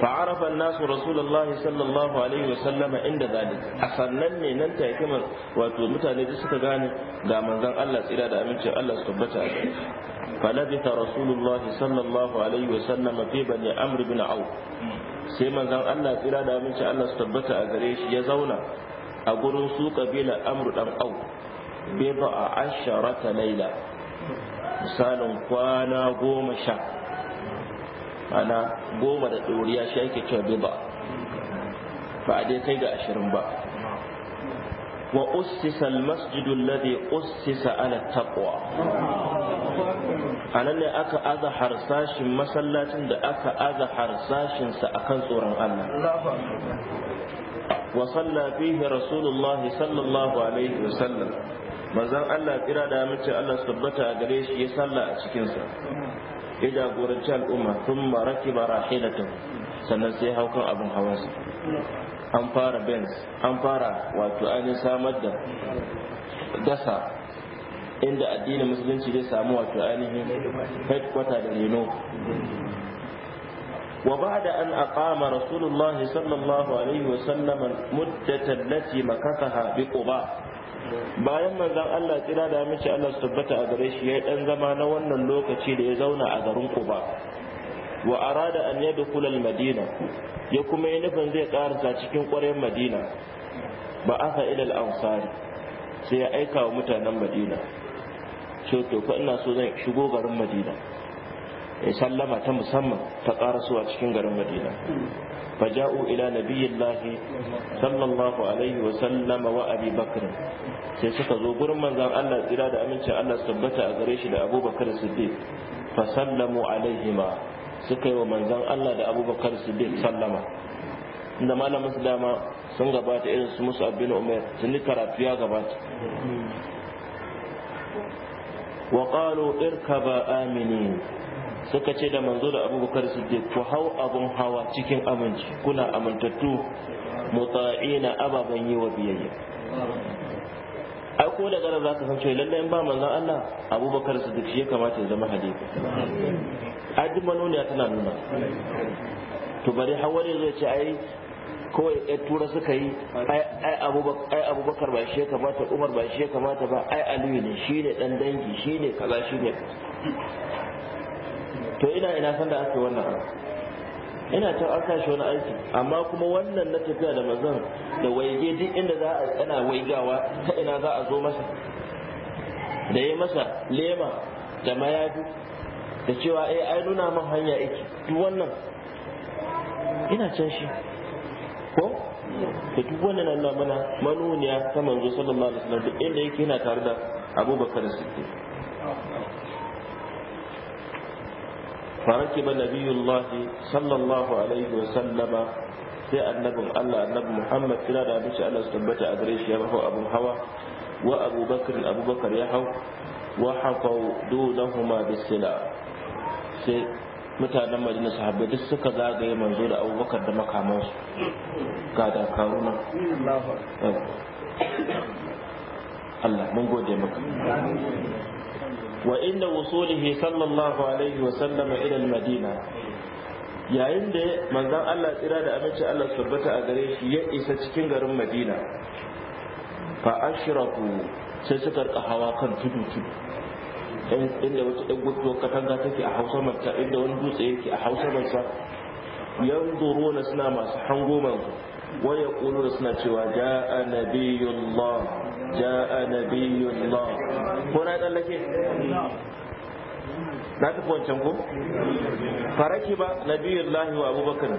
Speaker 1: فعرف الناس رسول الله صلى الله عليه وسلم عند ذلك asannan ne nan ta hikimar wato mutane da suka gane ga manzon Allah tsira da Allah su tabbata a gare فلبث رسول الله صلى الله عليه وسلم في بني عمرو بن عوف sai manzan Allah tsira da amincin Allah su tabbata a gare shi ya zauna a gurin su kabila amru dan au bi bid'a asharata laila misalin kwana goma sha ana goma da ɗoriya shi ake cewa bi ba a dai kai ga ashirin ba wa ussisa almasjidu alladhi ussisa ala taqwa anan ne aka aza harsashin masallacin da aka aza harsashin sa akan tsoron Allah وصلى فيه رسول الله صلى الله عليه وسلم manzon الله kira دا mace الله su tabbata gare shi ya cikin sa ida jagoranci al'umma thumma rakiba rahilatan sannan sai haukan abin hawan sa an fara benz an fara wato an samar da dasa inda addinin musulunci zai samu wato ainihin headquarter da reno وبعد أن أقام رسول الله صلى الله عليه وسلم المدة التي مكثها بقباء bayan manzon Allah tsira da mace Allah su tabbata a gare shi ya dan zama na wannan lokaci da ya zauna a garin Quba wa arada an yadkhula al-Madina ya kuma yi nufin zai karasa cikin ƙwarin Madina ba aka ila al-Ansari sai ya aika wa mutanen Madina to to ina so zan shigo garin Madina ya sallama ta musamman ta karasuwa cikin garin madina faja'u ila nabiyillahi sallallahu alaihi wa sallama wa abi bakr sai suka zo gurin manzon Allah tsira da aminci Allah tabbata a gare shi da abubakar siddiq fa sallamu alaihima suka yi wa manzon Allah da abubakar siddiq sallama inda malamin su dama sun gabata irin su musu abin umar tuni karatu ya gabata wa qalu irkaba Amini. suka ce da manzo da abubakar siddiq ku hau abun hawa cikin aminci kuna amintattu muta'ina ababen yi wa biyayya ai ko da garar za ka san cewa lallai in ba manzon Allah abubakar siddiq shi ya kamata ya zama halifa ai duk manoniya tana nuna to bari hawari zai ce ai kawai ya tura suka yi ai abubakar ba shi ya kamata umar ba shi ya kamata ba ai aliyu ne shi ne dan dangi shi ne kaza shi ne to ina ina san da ake wannan abu ina can an sa shi wani aiki amma kuma wannan na tafiya da mazan da waige duk inda za a ana waigawa ta ina za a zo masa da ya masa lema da mayafi da cewa eh ai nuna man hanya yake duk wannan ina can shi ko da duk wannan Allah mana manuniya ta manzo sallallahu alaihi wasallam duk inda yake yana tare da Abubakar Siddiq فركب نبي الله صلى الله عليه وسلم sai annabin Allah annabi Muhammad kira da abinci Allah su tabbata a gare shi ya hau abin hawa wa Abu Bakar Abu Bakar ya hau wa hafau dunahuma bisila sai mutanen Madina sahabbai duk suka zagaye manzo da Abu da makamansu ga da karuna mun gode maka wa inda wusulihi sallallahu alaihi wa sallama ila madina yayin da manzan Allah tsira da aminci Allah surbata a gare shi ya isa cikin garin Madina fa ashraku sai suka rika hawa kan tudu tudu inda wata ɗan gudu katanga take a hausa manta inda wani dutse yake a hausa mansa yanzuruna suna masu hango manzo waya yaquluna suna cewa jaa nabiyullah jaa nabiyullah ko na tsallake na tafi wancan ku? faraki ba nabiyullahi wa abubakar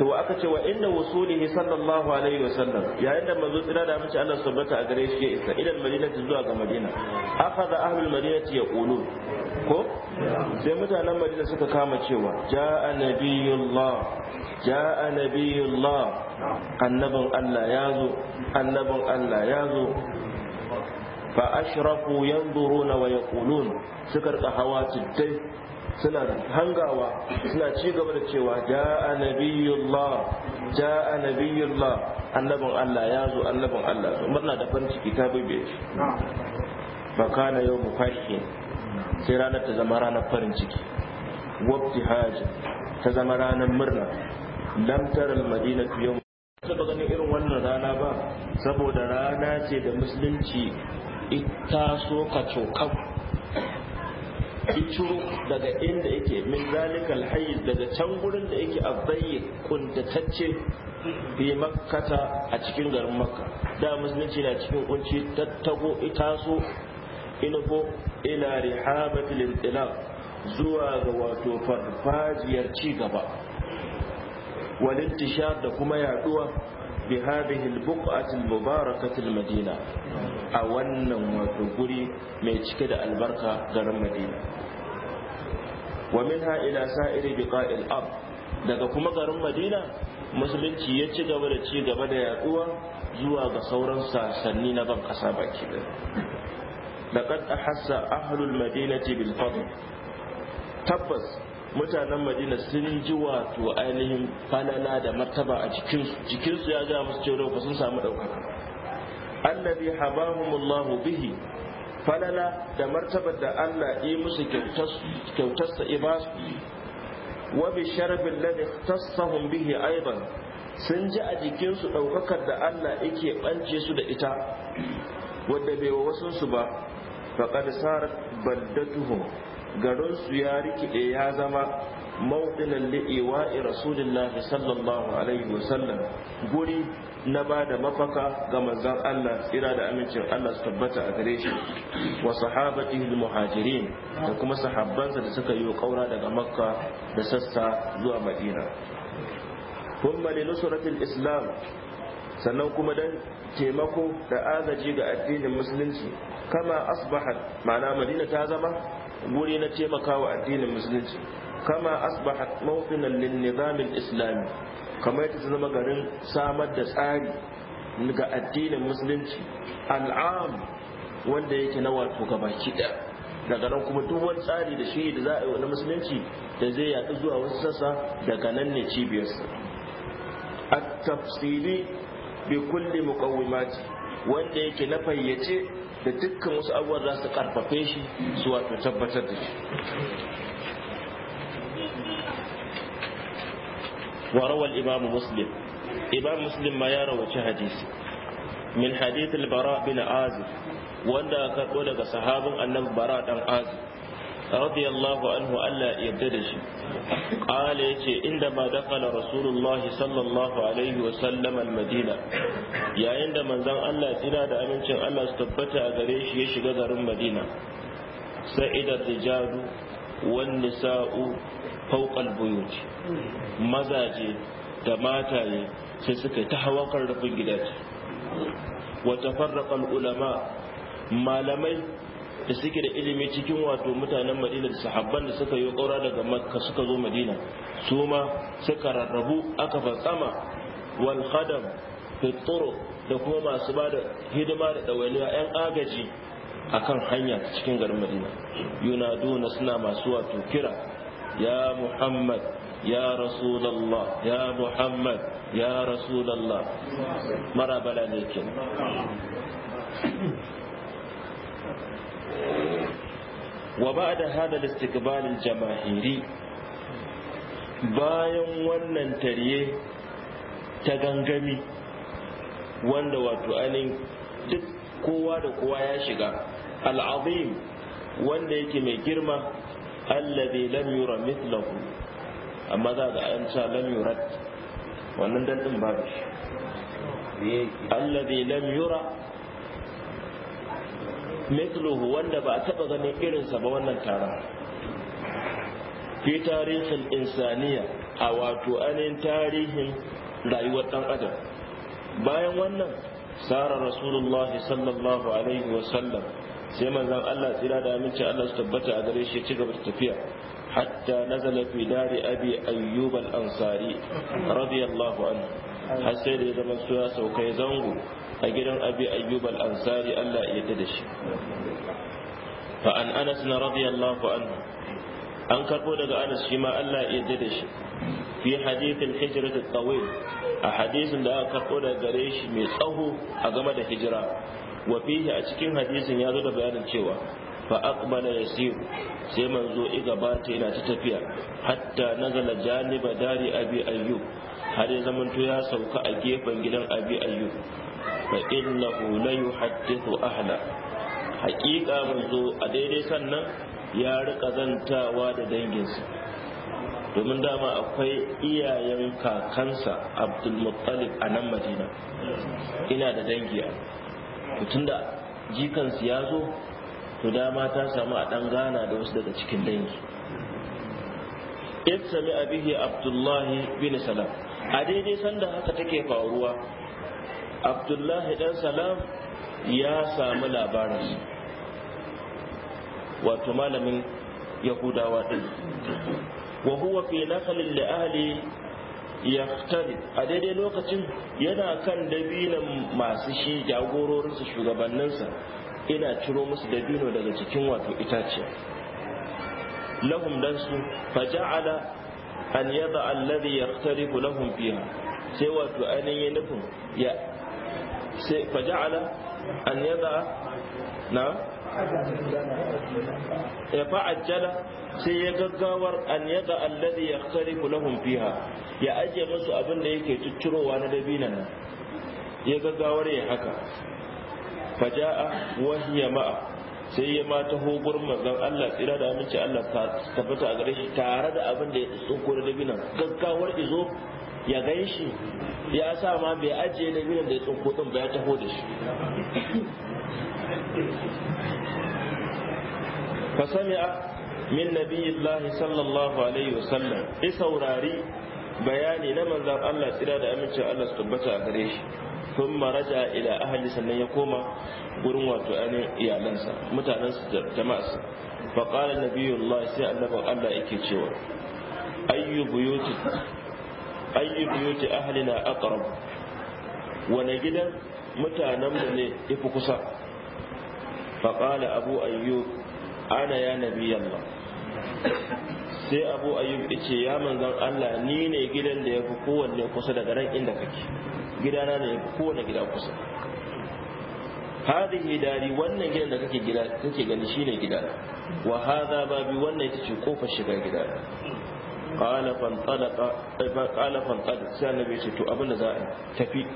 Speaker 1: to aka ce wa inna wusulihi sallallahu alaihi wa sallam yayin da manzo tsira da mace Allah subhanahu a gare shi ya isa idan madinatu zuwa ga madina akhadha ahlul madinati yaqulun ko sai mutanen madina suka kama cewa ja'a nabiyullah ja'a nabiyullah annabin Allah ya zo annabin Allah ya zo fa ashrafu yanzuruna wa yaqulun suka rika hawa tuddai suna hangawa suna ci gaba da cewa ja'a nabiyullah ja'a nabiyullah annabin Allah ya zo annabin Allah zo murna da farin ciki ta Ba shi fa kana yawmu farihin sai ranar ta zama ranar farin ciki wabti Haji ta zama ranar murna lam madina madinatu yau ba ganin irin wannan rana ba saboda rana ce da musulunci ita so ka cokam ciro daga inda yake min zalikal hayy daga can gurin da yake abayyi kuntatacce bi makkata a cikin garin makka da musulunci na cikin kunci tattago itaso ko ila rihabatil intilaq zuwa ga wato farfajiyar ci gaba wal intishar da kuma yaduwa bi hadhihi al buq'ati al mubarakati al madina a wannan wato guri mai cike da albarka garin madina wa minha ila sa'iri biqa'il ab daga kuma garin madina musulunci ya ci gaba da ci gaba da yaduwa zuwa ga sauran sasanni na ban kasa baki ɗaya لقد ahassa ahlul madinati بالفضل تبس tabbas mutanen madina sun ji wato ainihin falala da martaba a jikinsu jikinsu ya ga musu cewa ba sun samu ɗaukaka allazi habahumullahu bihi falala da martaba da Allah yi musu kyautarsa ibasu wa bi sharafin ladhi ikhtassahum bihi aidan sun ji a jikinsu ɗaukakar da Allah yake ɓance su da ita wadda bai wa su ba faƙad sarat baddatuhu garinsu ya rikide ya zama mawdinan li'iwa'i rasulullahi sallallahu alaihi wasallam guri na ba da mafaka ga manzan Allah tsira da amincin Allah su tabbata a gare shi wa sahabatihi muhajirin da kuma sahabbansa da suka yi kaura daga makka da sassa zuwa madina ثم لنصرة islam. sannan kuma dan taimako da agaji ga addinin musulunci kama asbahat ma'ana madina ta zama guri na wa addinin musulunci kama asbahat mawfinan lin nizamin islami kamar ta zama garin samar da tsari ga addinin musulunci al'am wanda yake na wato gabaki ɗaya daga nan kuma duk wani tsari da shi da za a yi wani musulunci da zai yaɗu zuwa wasu sassa daga nan ne cibiyarsa a tafsiri bi kulli muqawwimati wanda yake na fayyace da dukkan wasu abubuwa za su karfafe shi su wato tabbatar da shi wa rawa imam muslim imam muslim ma ya rawaci hadisi min hadith bara bin azib wanda ka daga sahabin annabi bara dan azib radiyallahu anhu Allah yadda da shi qala yace inda ma dakala rasulullahi sallallahu alaihi wa sallam almadina yayin da manzon Allah tsira da amincin Allah su tabbata a gare shi ya shiga garin Madina sa'ida tijadu wan nisa'u fawqa mazaje da mataye sai suka ta ulama malamai da suke da ilimi cikin wato mutanen madina da sahabban da suka yi kaura daga makka suka zo madina su ma suka rarrabu aka fatsama wal khadam fi da kuma masu ba da hidima da ɗawainiya 'yan agaji kan hanya cikin garin madina yunaduna suna masu wato kira ya muhammad ya rasulallah ya muhammad ya rasulallah mara bala ne wa ba'da hada istiqbal al bayan wannan tarye ta gangami wanda wato anin duk kowa da kowa ya shiga al'azim wanda yake mai girma allazi lam yura mithlahu amma za ga an sa lam yura wannan dan din shi allazi lam yura mithluhu wanda ba a taba ganin irinsa ba wannan taron fi tarihin insaniya a wato anin tarihin rayuwar dan adam bayan wannan sara rasulullahi sallallahu alaihi sallam, sai manzon Allah tsira da aminci Allah su tabbata a gare shi ci gaba da tafiya hatta nazala fi dari abi ayyub al-ansari radiyallahu anhu har sai da ya zama suya sauka zango a gidan abi ayyub al-ansari Allah ya yarda da shi fa an anas na radiyallahu anhu an karbo daga anas shi ma Allah ya yarda da shi fi hadithin hijrat al tawil a hadisin da aka karbo daga gare shi mai tsaho a game da hijira wa fihi a cikin hadisin ya zo da bayanin cewa fa aqbala yasir sai manzo iga bata yana ta tafiya hatta nazala janiba dari abi ayyub har ya zamanto ya sauka a gefen gidan abi ayyub fa innahu la yuhaddithu ahla haƙiƙa manzo a daidai sannan ya rika zantawa da danginsa domin dama akwai iyayen kakansa abdulmuttalib a nan madina ina da dangi a mutum da jikansu ya zo to dama ta samu a ɗan gana da wasu daga cikin dangi ya sami abihi abdullahi bin salam a daidai sanda haka take faruwa abdullahi dan salam ya sami labarin wato malamin yahudawa din wa huwa fi nakhalin li ahli yaftari a daidai lokacin yana kan dabinan masu shi jagororinsa shugabanninsa ina ciro musu dabino daga cikin wato itace. lahum dan su faja'ala an yada alladhi yaqtaribu lahum fiha sai wato ainihin nufin ya sai faja'ala an yada na ya fa'ajjala sai ya gaggawar an yada alladhi yaqtarifu lahum fiha ya ajiye musu abin da yake tuccurowa na dabinan nan ya gaggawar ya haka faja'a wa hiya ma'a sai ya ma taho mazan Allah tsira da aminci Allah ta tabbata a gare shi tare da abin da ya tsinko da dabinan gaggawar izo ya gan shi ya sa ma bai ajiye da biyan da ya tsinko din ba ya taho da shi Ka sami a min Allah sallallahu alaihi wasallam ya saurari bayani na manzan Allah tsira da amincin Allah su tabbata a gare shi sun maraja ila ahali sannan ya koma gurin wato ainihin iyalansa mutanensa da jama'arsa faƙalar nabiyullah sai annabin Allah yake cewa ayyu buyutin ayyu biyuti ahlina aqrab wani gidan mutanen mu ne ifi kusa faqala abu ayyub ana ya nabiyallah sai abu ayyub yace ya manzan Allah ni ne gidan da yafi kowanne kusa daga nan inda kake gidana ne yafi kowanne gida kusa hadihi dari wannan gidan da kake gida kake gani shine gida wa hadha babi wannan ita ce kofar shiga gida قال fantalaka fa qala fantalaka sai annabi ce to abin za a tafi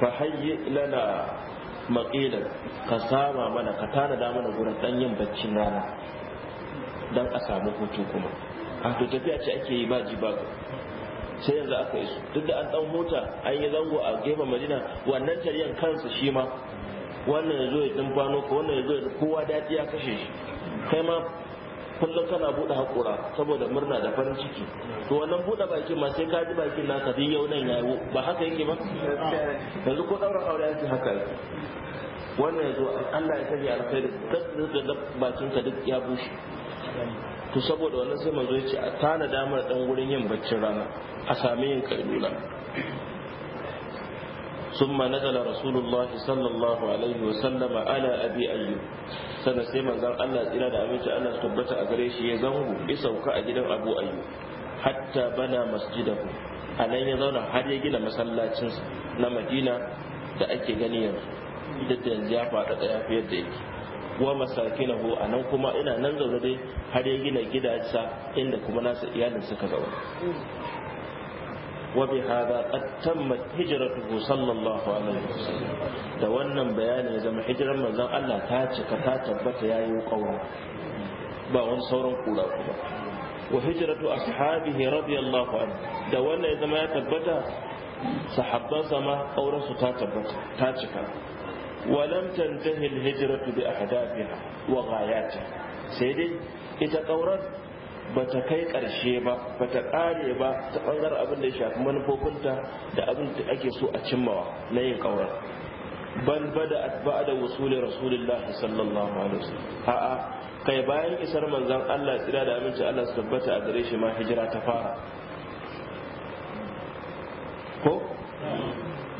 Speaker 1: fa hayyi lana maqilan ka sama mana ka اسامو هوتو mana gurin تفي yin baccin rana dan a samu hutu a to tafiya ake yi ba sai yanzu aka yi duk da an dan mota an yi zango a gefen madina wannan tariyan kansa shi ma wannan ya zo ya dumfano ko wannan ya kowa daɗi ya kashe shi kai ma kullum kana buɗe haƙura saboda murna da farin ciki to wannan buɗe bakin ma sai ka ji bakin na duk yau nan yayi ba haka yake ba yanzu ko ɗaurin aure yake haka wannan yanzu Allah ya sanya alkhairi duk da bakin ka duk ya bushe to saboda wannan sai manzo ya ce a tana damar dan wurin yin baccin rana a same yin kailula ثم نزل رسول الله صلى الله عليه وسلم على أبي أيوب سنة سيما زان الله إلى دعوة الله تبت أغريش يزنه إسوك أجل ابو ايوب حتى بنى مسجده أنا يزن حر يجل مسلاة نمدينة da ake gani yanzu duk da yanzu ya faɗa ɗaya yake wa masakinahu a nan kuma ina nan zaune dai har ya gina gidansa inda kuma nasa iyalin suka zaune وبهذا قد تمت هجرته صلى الله عليه وسلم دوانا بيانا إذا ما هجرا ما زال الله تاتك بك يا يوقوا باون صورا قولا قولا وهجرة أصحابه رضي الله عنه دوانا إذا ما يتبتا صحبا سما أو رسو تاتبك تاتك ولم تنتهي الهجرة بأحدافها وغاياتها سيدي إذا قورت Ba ta kai ƙarshe ba ba ta ƙare ba ta ɓangaren abin da ya shafi manufofinta da abin da ake so a cimmawa na yin ƙaurar bal bada ba da wasuli rasulullah sallallahu alaihi wasallam a'a kai bayan isar manzon Allah tsira da aminci Allah su tabbata a gare shi ma hijira ta fara ko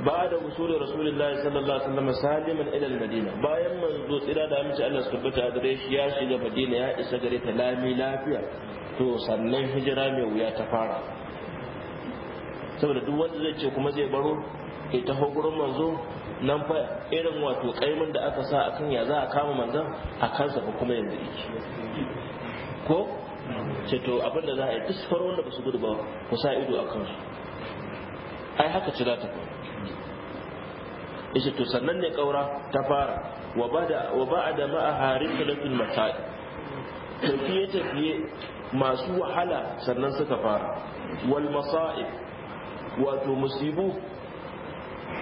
Speaker 1: بعد وصول رسول الله صلى الله عليه وسلم سالما الى المدينه bayan manzo tsira da abinci Allah a gare shi ya shiga Madina ya isa gare ta lami lafiya to sannan hijira mai wuya ta fara saboda duk wanda zai ce kuma zai baro ya taho gurin manzo nan fa irin wato kaimin da aka sa akan ya za a kama manzon a kansa ba kuma yanzu ko ce to abin da za a yi duk sauran wanda ba su gudu ba ku sa ido a kansu ai haka ci za ta faru ishe to sannan ne kaura ta fara wa ba da ma'a harin da lafin fiye tafiye-tafiye masu wahala sannan suka fara wal masa'ib wato musibu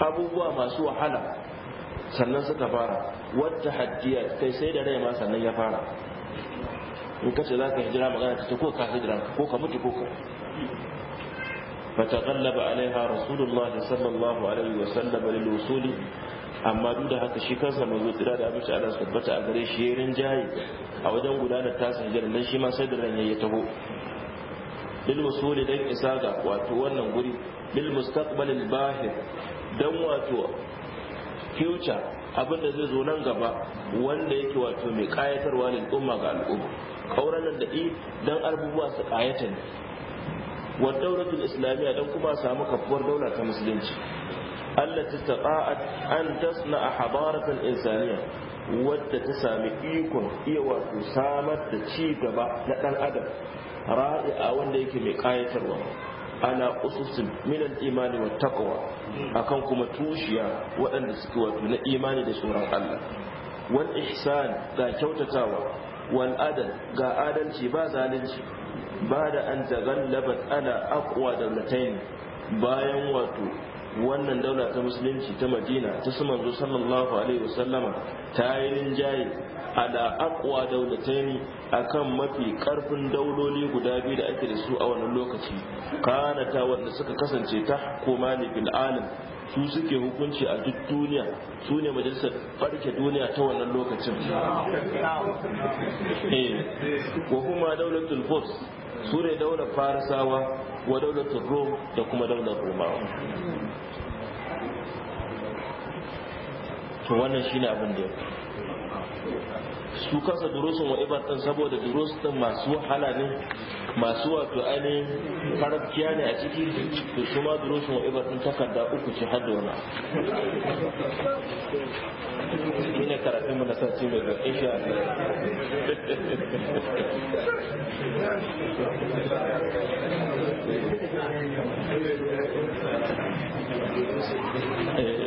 Speaker 1: abubuwa masu wahala sannan suka fara wata haddiya kai sai da rai ma sannan ya fara in kace za ka hijira magana ta ko ka hijira ko ka mutu ko ka فتغلب عليها رسول الله صلى الله عليه وسلم للوصول amma duk da haka shi kansa mai zo tsira da abinci ana tabbata a gare shi yayin jaye a wajen gudanar tasa hijirar nan shi ma sai da ran ya taho bil wasuli dan isa ga wato wannan guri bil mustaqbal bahir dan wato future abin da zai zo nan gaba wanda yake wato mai kayatarwa ne umma ga al'umma kauran da i dan abubuwa su kayata ne wa daulatul islamiyya dan kuma samu kafuwar daula ta musulunci allati taqa'at an tasna'a hadaratan insaniyya wadda ta sami ikon iya wato samar da ci gaba na ɗan adam ra'i'a wanda yake mai kayatarwa ana ususin minan imani wa taqwa akan kuma tushiya waɗanda suke wato na imani da tsoron Allah wal ihsan ga kyautatawa wani adal ga adalci ba zalunci ba da an tagallabat ala aqwa dawlatain bayan wato wannan daula ta musulunci ta madina ta su manzo sallallahu alaihi wasallama ta yi rinjaye ala aqwa a akan mafi karfin dauloli guda biyu da ake da su a wannan lokaci kana ta wanda suka kasance ta koma ne bil alam su suke hukunci a duk duniya su ne majalisar farke duniya ta wannan lokacin ko eh wa kuma daulatul furs su ne daular farisawa wa daulatul rom da kuma daular romawa to wannan shine abin da ya su kansa durusun wa ibar din saboda durusun din masu wahala ne masu wato ainihin karafkiya ne a ciki to su ma durusun wa ibar din takarda uku ce har da wani shi ne karatun mu na sati mai da insha Allah eh.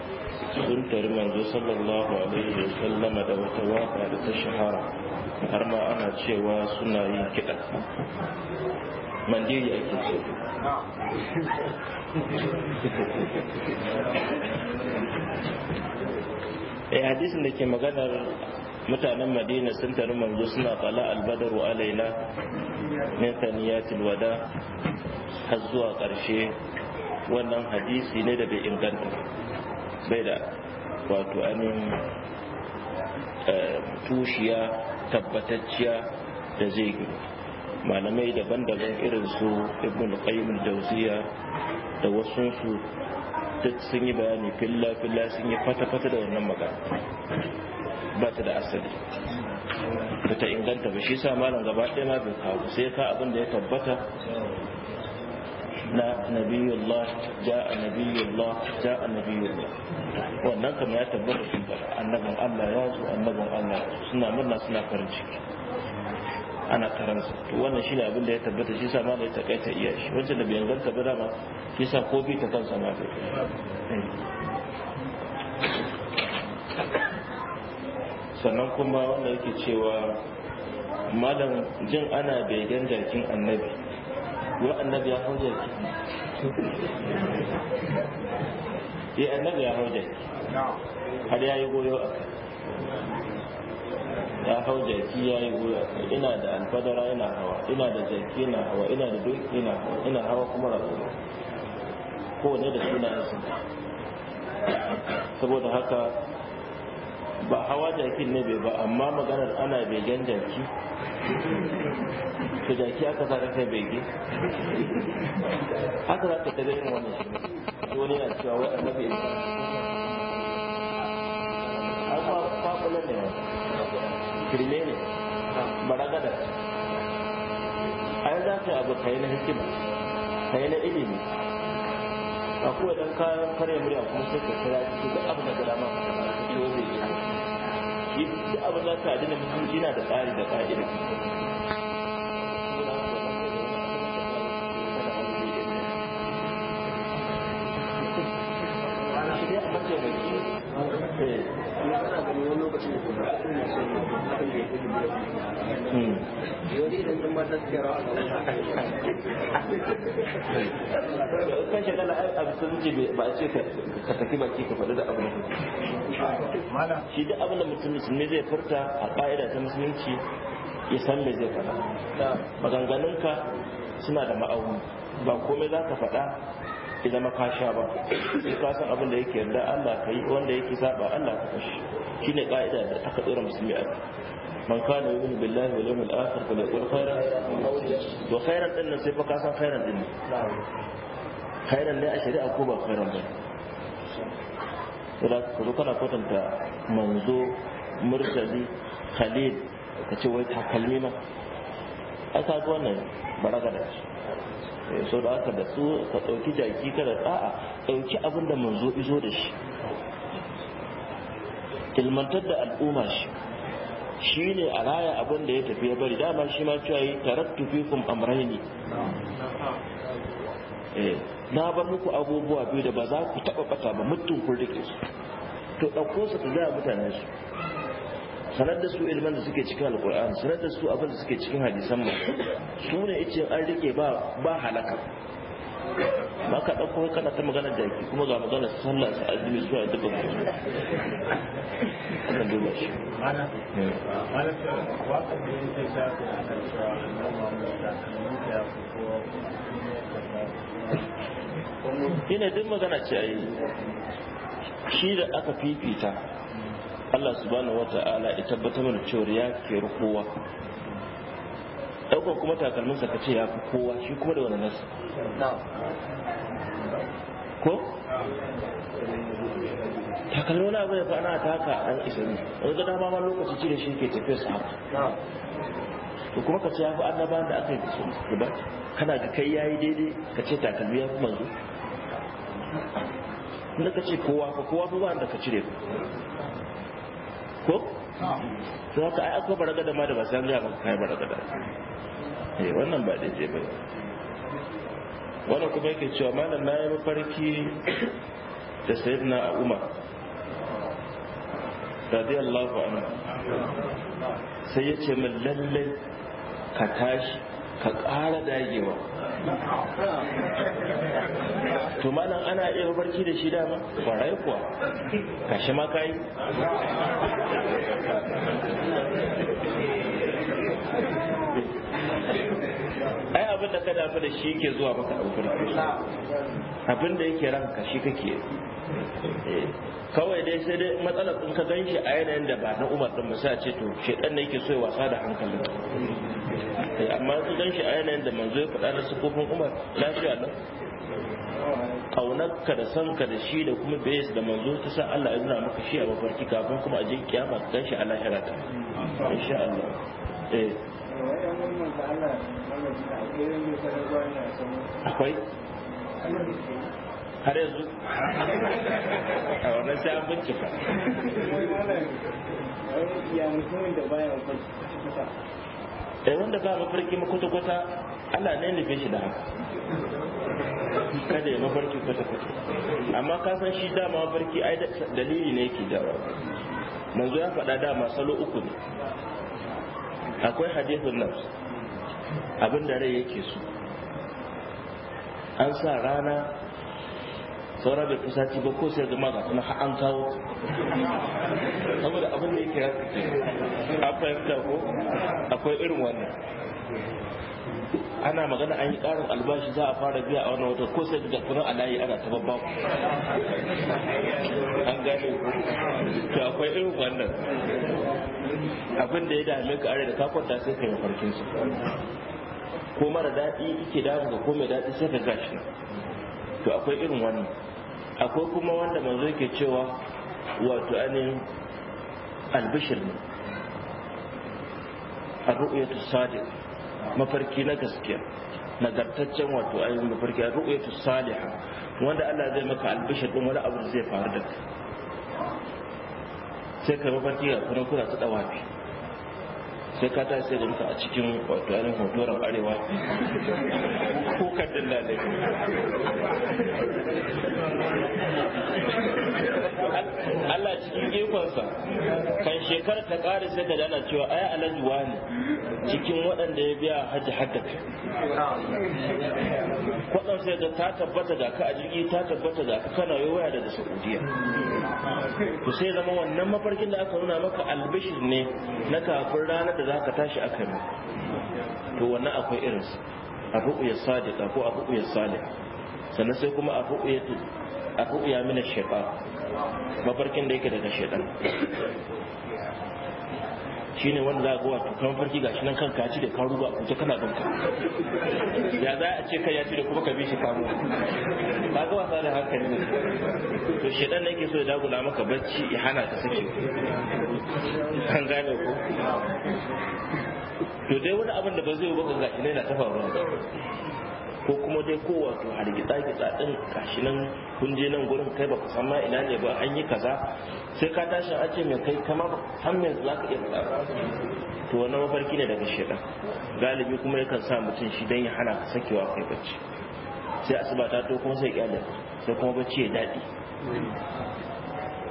Speaker 1: sun tari manzo sallallahu alaihi wa sallam da wata waka da ta shahara har ma ana cewa suna yin kiɗa mandiri ake ce A eh, hadisin da ke maganar mutanen madina sun tari manzo suna tsala albadaru alaina min thaniyatil wada har zuwa ƙarshe wannan hadisi ne da bai inganta bai da wato ainihin eh, tushiya tabbatacciya da zai malamai daban-daban irin su ibn qayyim jauziya da wasu su duk sun yi bayani filla-filla sun yi fata-fata da wannan magana ba ta da asali ta inganta ba shi sa malam gaba ɗaya ma bai kawo sai ka abin da ya tabbata na nabiyullah a nabiyullah ja'a nabiyullah wannan kamar ya tabbata sun fara annabin Allah ya zo annabin Allah suna murna suna farin ciki ana karansa to wannan shine abin da ya tabbata shi sa ma da ya takaita iya shi wancan da bai ganta ba dama shi sa ko bi ta kansa ma sai sannan kuma wanda yake cewa malam jin ana begen jakin annabi annabi ya hau
Speaker 2: jaki
Speaker 1: annabi ya hau har ya yi goyo a ya hau jaki ya yi goyo a ina da alfadara ina hawa ina da jaki ina hawa ina da doki ina hawa ina hawa kuma rasu kowane da yasu saboda haka ba hawa jakin ne bai ba amma maganar ana begen jaki to jaki aka sa kai bege haka za ka tare yin wannan shi wani yana cewa wai annabi isa abuwa kula ne kirme ne baragada ai za ka abu kai na hikima kai na ilimi a kowa dan kayan kare murya kuma sai ka kira shi da abu da dama ka ce wai bai shi duk abin za ka da mutunci na da tsari da ƙa'ida
Speaker 2: mataimaki kan
Speaker 1: shagala a musulunci ba a ce ka tafi baki ka faɗi da abu shi duk abin da musulmi zai furta a ƙa'ida ta musulunci ya san me zai faɗa maganganunka suna da ma'auni ba komai za ka faɗa ya zama ka sha ba sai ka san abin da yake yarda Allah ka yi wanda yake saba Allah ka kashi shine ka'ida da aka tsora musulmi a man kana yu'minu billahi wal yawmil akhir fa yaqul khairan wa khairan din sai fa ka san khairan din khairan ne a shari'a ko ba khairan ba saboda ku zo kana kwatanta manzo murtadi khalid kace wai takalmi ma aka ga wannan baraka da shi Eh, so da aka da su ka ɗauki jaki kada a'a ɗauki abin da manzo izo da shi ilmantar da al'umma shi shi ne a raya abin da ya tafi ya bari dama shi ma cewa yi tarattu fikum amraini eh, na bar muku abubuwa biyu da ba za ku taba bata ba mutum kun rike su to ɗauko su ka mutane su sanar da su ilman da suke cikin alkur'an sanar da su abin da suke cikin hadisan mu su ne ice an rike ba ba halaka ba ka ɗauko kana ta magana da ke kuma ga magana sallah sa su a duka ku ana duba shi
Speaker 2: ana da duk magana ce yi
Speaker 1: shi da aka fifita Allah subhanahu wata'ala ya tabbatar mana cewa ya ke rukowa daukar kuma takalminsa ka ce ya fi kowa shi kuma da wani nasa ko takalmi wani abu ya fi ana taka a ɗan isa ne wani ga ba wani lokaci cire shi ke tafiya su haka to kuma ka ce ya fi annaba da aka yi su ba kana ga kai yayi daidai ka ce takalmi ya fi manzo inda ka ce kowa fa kowa fa ba da ka cire ko to haka ai akwai baragada ma da ba san an gaya maka kai baragada eh wannan ba daidai ba wannan kuma yake cewa malam na yi mafarki da sayyidina a umar radiyallahu anhu sai ya ce min lallai ka tashi ka ƙara dagewa to malam ana iya barci da shi dama kwarai kuwa kashi ma kayi ai abin da ka dafa da shi ke zuwa maka ɗaukar abin da yake ka shi kake eh, kawai dai sai dai matsalar in ka gan shi a yanayin da ba na umar ɗin ba sai a ce to shaidan ne yake so ya wasa da hankalin kai amma su gan shi a yanayin da manzo ya faɗa da sufofin umar lafiya nan kaunarka da sanka da shi da kuma bayas da manzo ta sa Allah ya zuna maka shi a mafarki kafin kuma a jin kiyama ka gan shi a lahira ta insha Allah eh akwai har yanzu a wannan sai
Speaker 2: an bincika ya da baya
Speaker 1: cika. da wanda ba mafarki ma kwata ana Allah ne nufe shi da haka kada ya mafarki kwata-kwata amma kasan shi dama mafarki ai dalili ne yake jawo manzo ya faɗa dama salo uku ne akwai hadithun nan abin da rai yake so an sa rana saura bai kusa ci ba ko sai zama ga ha an kawo saboda abin da yake ya suke an fahimta ko akwai irin wannan ana magana an yi ƙarin albashi za a fara biya a wannan wata ko sai ga a alayi ana ta babba an gane to akwai irin wannan abin da ya dame ka are da ka sai ka yi farkin su ko mara daɗi ke damu ga ko mai daɗi sai ka gashi to akwai irin wannan akwai kuma wanda manzo ke cewa wato anin albishir ne ar-ru'yatu sadiq mafarki na gaskiya nagartaccen wato ainihin mafarki ar-ru'yatu salihah wanda Allah zai maka albishir din wani abu zai faru da kai sai ka mafarki ga kuma kuna ta dawafi sai ka ta sai ganka a cikin wato yanin hotoron arewa
Speaker 2: ko kaddin lalai
Speaker 1: Allah cikin ikonsa kan shekarar ta ƙare sai ka dana cewa ai alhaji wani cikin waɗanda ya biya hajji haddaka kwaɗan sai da ta tabbata da ka a jirgi ta tabbata da ka kana yi waya daga saudiya ku sai zama wannan mafarkin da aka nuna maka albishir ne na kafin ranar da za aka tashi aka yi to wannan akwai irinsa a ru'uyar sadiqa ko a ru'uyar salih sannan sai kuma a ru'uyar a ru'uya mina shekaru mafarkin da yake daga shekaru Shi ne wanda za ga wato kan farki gashi nan kanka ci da ka ruba a kuce kana banka ya za a ce kai ya ci da kuma ka bi shi kamo ba ga wasa da hankali ne to shedan ne yake so ya dagula maka bacci ya hana ka sake an gane ko to dai wani abin da ba zai yi ba ga shi ne na ta ba. ko kuma dai ko wato hargitsa gitsa din kashi nan kun je nan gurin kai baka san ma ina ne ba an yi kaza sai ka tashi a ce mai kai kama san me za ka iya faɗa ba to wannan mafarki ne daga shedan galibi kuma yakan sa mutum shi dan ya hana ka sakewa kai bacci sai asuba ta to kuma sai kyale sai kuma bacci ya daɗi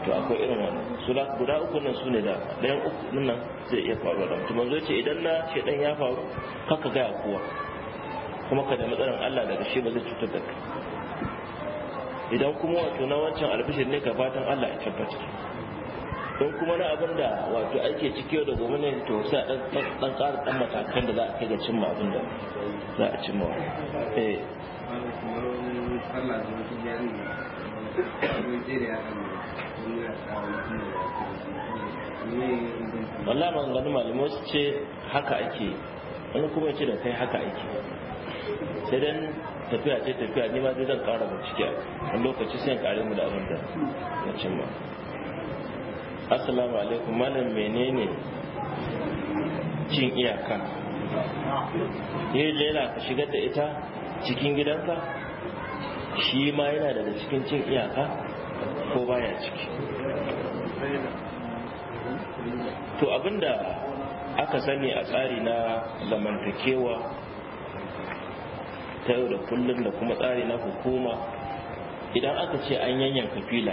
Speaker 1: to akwai irin wannan su da guda uku nan su ne da ɗayan uku nan zai iya faruwa da mutum manzo ce idan na shedan ya faru kaka gaya kowa kuma ka dami tsarin Allah daga shi ba zai cutar da kai idan kuma wato na wancan albishir ne ka fatan Allah ya tabbata don kuma na abin da wato ake ciki da gobe ne to sai a dan ƙara dan matakan da za a kai ga cimma abin da za a cimma wa eh wallahi maganganun malamai su ce haka ake wani kuma ya ce da kai haka ake sai dan tafiya ce tafiya ni ma zai zan ƙara ciki a lokaci sai ƙare mu da abin da ya cimma assalamu alaikum malam menene cin iyaka yin eh, lela ka shigar da ita cikin gidanka shi ma yana daga cikin cin iyaka ko baya ciki to abinda aka sani a tsari na zamantakewa ta yau da kullum da kuma tsari na hukuma idan aka ce an yanyanka fila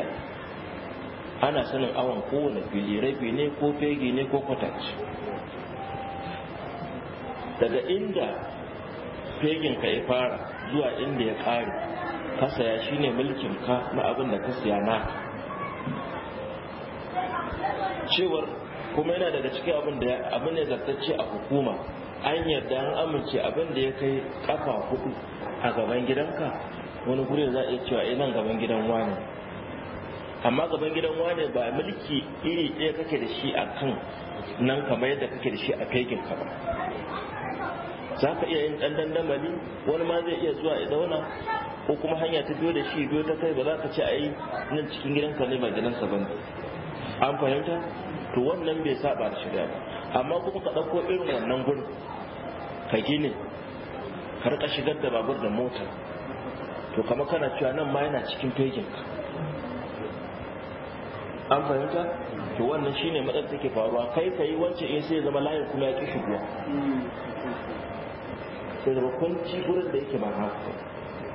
Speaker 1: ana sanin awon kowane fili rabi ne ko fegi ne ko kwatance daga inda feginka ya fara zuwa inda ya ƙare ka saya shine mulkinka na abin da ka siya naka cewar kuma yana daga cikin abin da abin ne zartacce a hukuma an yarda an amince abin da ya kai kafa hudu a gaban gidanka wani guri za a iya cewa eh, nan gaban gidan wane amma gaban gidan wane ba mulki iri ɗaya kake da shi a kan nan kamar yadda kake da shi a fegin ka ba za ka iya yin ɗan dandamali wani ma zai iya zuwa ya zauna ko kuma hanya ta biyo da shi biyo ta kai ba za ka ci a yi nan cikin gidanka ne ba gidansa ba an fahimta to wannan bai saba da shiga ba amma kuma ka ɗauko irin wannan gurin ka gine ka rika shigar da babur da mota to kama kana cewa nan ma yana cikin fejin ka an fahimta to wannan shine matsar take faruwa kai ka yi wance in eh, sai zama layin kuma ya ki shigo sai zama kwanci gurin da yake ba haka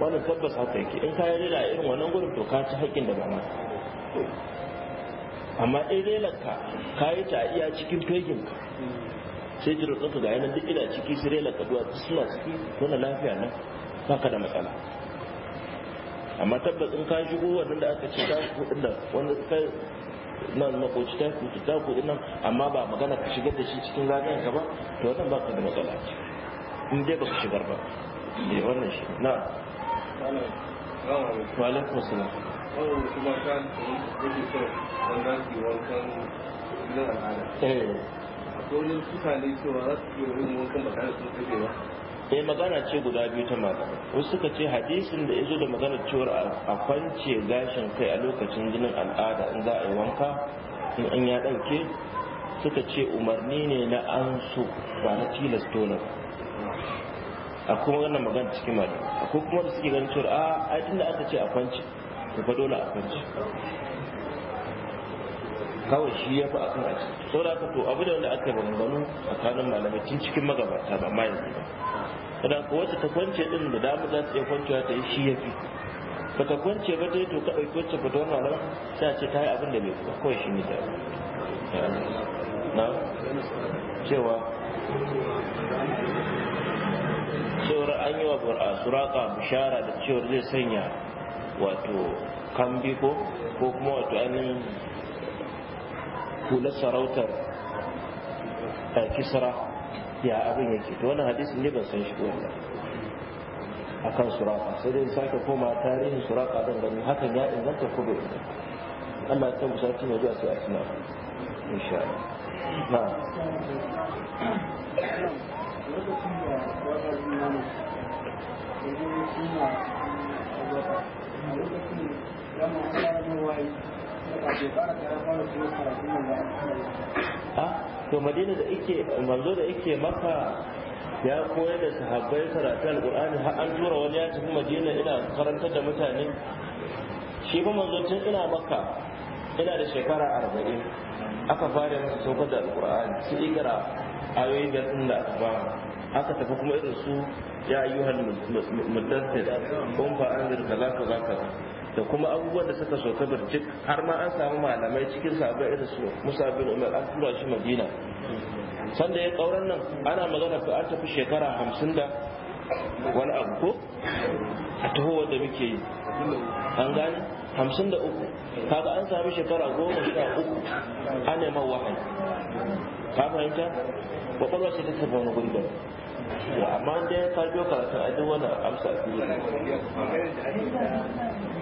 Speaker 1: wani tabbas haka yake in ka yi rila irin wannan gurin to ka ci haƙƙin da ba ma amma in relarka ka yi ta iya cikin fejin ka sai jirar ɗansu ga yanar duk ina ciki sai na kaduwa suna ciki tona lafiya nan ka da matsala amma tabbas in ka shigo wannan da aka ce ta kuɗin da wanda kai nan makoci ta kuɗi ta ku nan amma ba magana ka shigar da shi cikin zagayen ka ba to wannan ba ka da matsala in dai ku shigar ba ne eh, wannan shi na
Speaker 2: wa alaikum wannan kuma kan wankan wani mutane cewa za su iya yin wankan bakana sun kabewa
Speaker 1: sai eh, magana ce guda biyu ta malamai wasu suka ce hadisin da ya zo da magana cewar a kwance gashin kai a lokacin jinin al'ada in za a yi wanka in an ya dauke suka ce umarni ne na an so ba na tilas tonar a kuma wannan magana cikin malamai akwai kuma da suke ganin cewar a ah, aikin da aka ce a kwance to fa dole a kwance kawai shi ya fi a kan aji sau da aka to abu da wanda aka yi bangano a malamai malamacin cikin magabata ba ma yanzu ba da ko wacce ta kwance din da damu za su iya kwancewa ta yi shi ya fi ba ta kwance ba dai to ka ɗauki wacce ba don malam sai a ce ta yi abin da bai kuma kawai shi ne ta na cewa cewar an yi wa suraka bishara da cewar zai sanya wato kambi ko kuma wato ainihin hular sarautar eh, kisra ya abin yake to Wani hadisi ne ban san shi a kan suraka sai dai sake koma tarihin suraka don gani hakan ya inganta kudu Allah ya san sati mai zuwa sai a tuna insha Allah na to madina da ike manzo da ike maka ya koyar da sahabbai karatu alqur'ani har an tura wani ya tafi madina ina karantar da mutane shi ba manzo tun ina maka ina da shekara arba'in aka fara masa saukar da alqur'ani su ikra ayoyi da sun da aka fara aka tafi kuma irin su ya ayyuhal mudassir kun fa anzir kaza kaza kaza da kuma abubuwan da suka soka birjik har ma an samu malamai cikin sabon irin su Musa bin Umar an tura shi Madina sanda ya kauran nan ana magana ko an tafi shekara hamsin da wani abu ko a taho da muke yi an gani hamsin da uku kaga an sami shekara goma sha uku an nema wahayi ka fahimta kwakwalwa ce ta tafi wani gurbi amma da ya kajo karatun a duk wani amsa a fili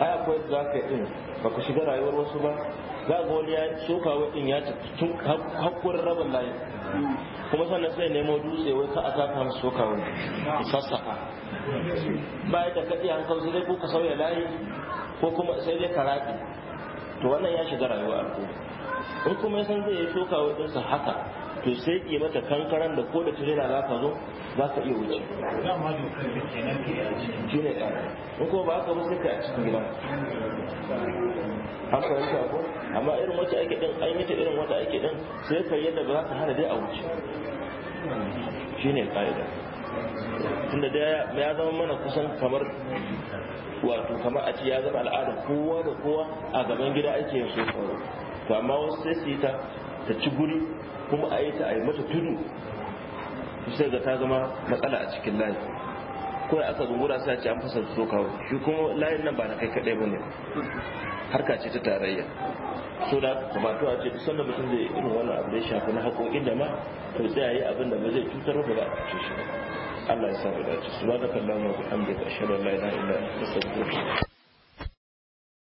Speaker 1: ai akwai yadda za ka yi ba ku shiga rayuwar wasu ba za ga wani ya soka wajen ya tafi tun hakkurin rabin layi kuma sannan sai nemo dutse wai ka a taka masa soka wani sassaka Ba da kaɗi an kawo sai ko ka sauya layi ko kuma sai dai ka to wannan ya shiga rayuwa al'umma in kuma ya san zai yi soka wajen sa haka to sai iya mata kankaran da ko da tirela za ka zo za ka iya wuce shi
Speaker 2: in ko ba ka ba sai ka a cikin an
Speaker 1: fahimta ko amma irin wacce ake ɗin an mita irin wata ake ɗin? sai ka yadda ba za ka hana dai a wuce shi ne ƙa'ida tunda da ya zama mana kusan kamar wato kamar a ce ya zama al'ada kowa da kowa a gaban gida ake yin so to amma wasu sai su yi ta ta ci guri kuma a yi ta a yi mata tudu sai ga ta zama matsala a cikin layi ko aka zungura sai a ce an fasa su kawo shi kuma layin nan ba na kai kaɗai ba ne harka ce ta tarayya so da kamata a ce sanda mutum zai irin wannan abu da ya shafi na haƙoƙin da ma to tsaya yi abin da ba zai
Speaker 2: cutar ba ba a cikin? shi Allah ya sa mu dace subhanakallahumma wa bihamdika ashhadu an la ilaha illa anta astaghfiruka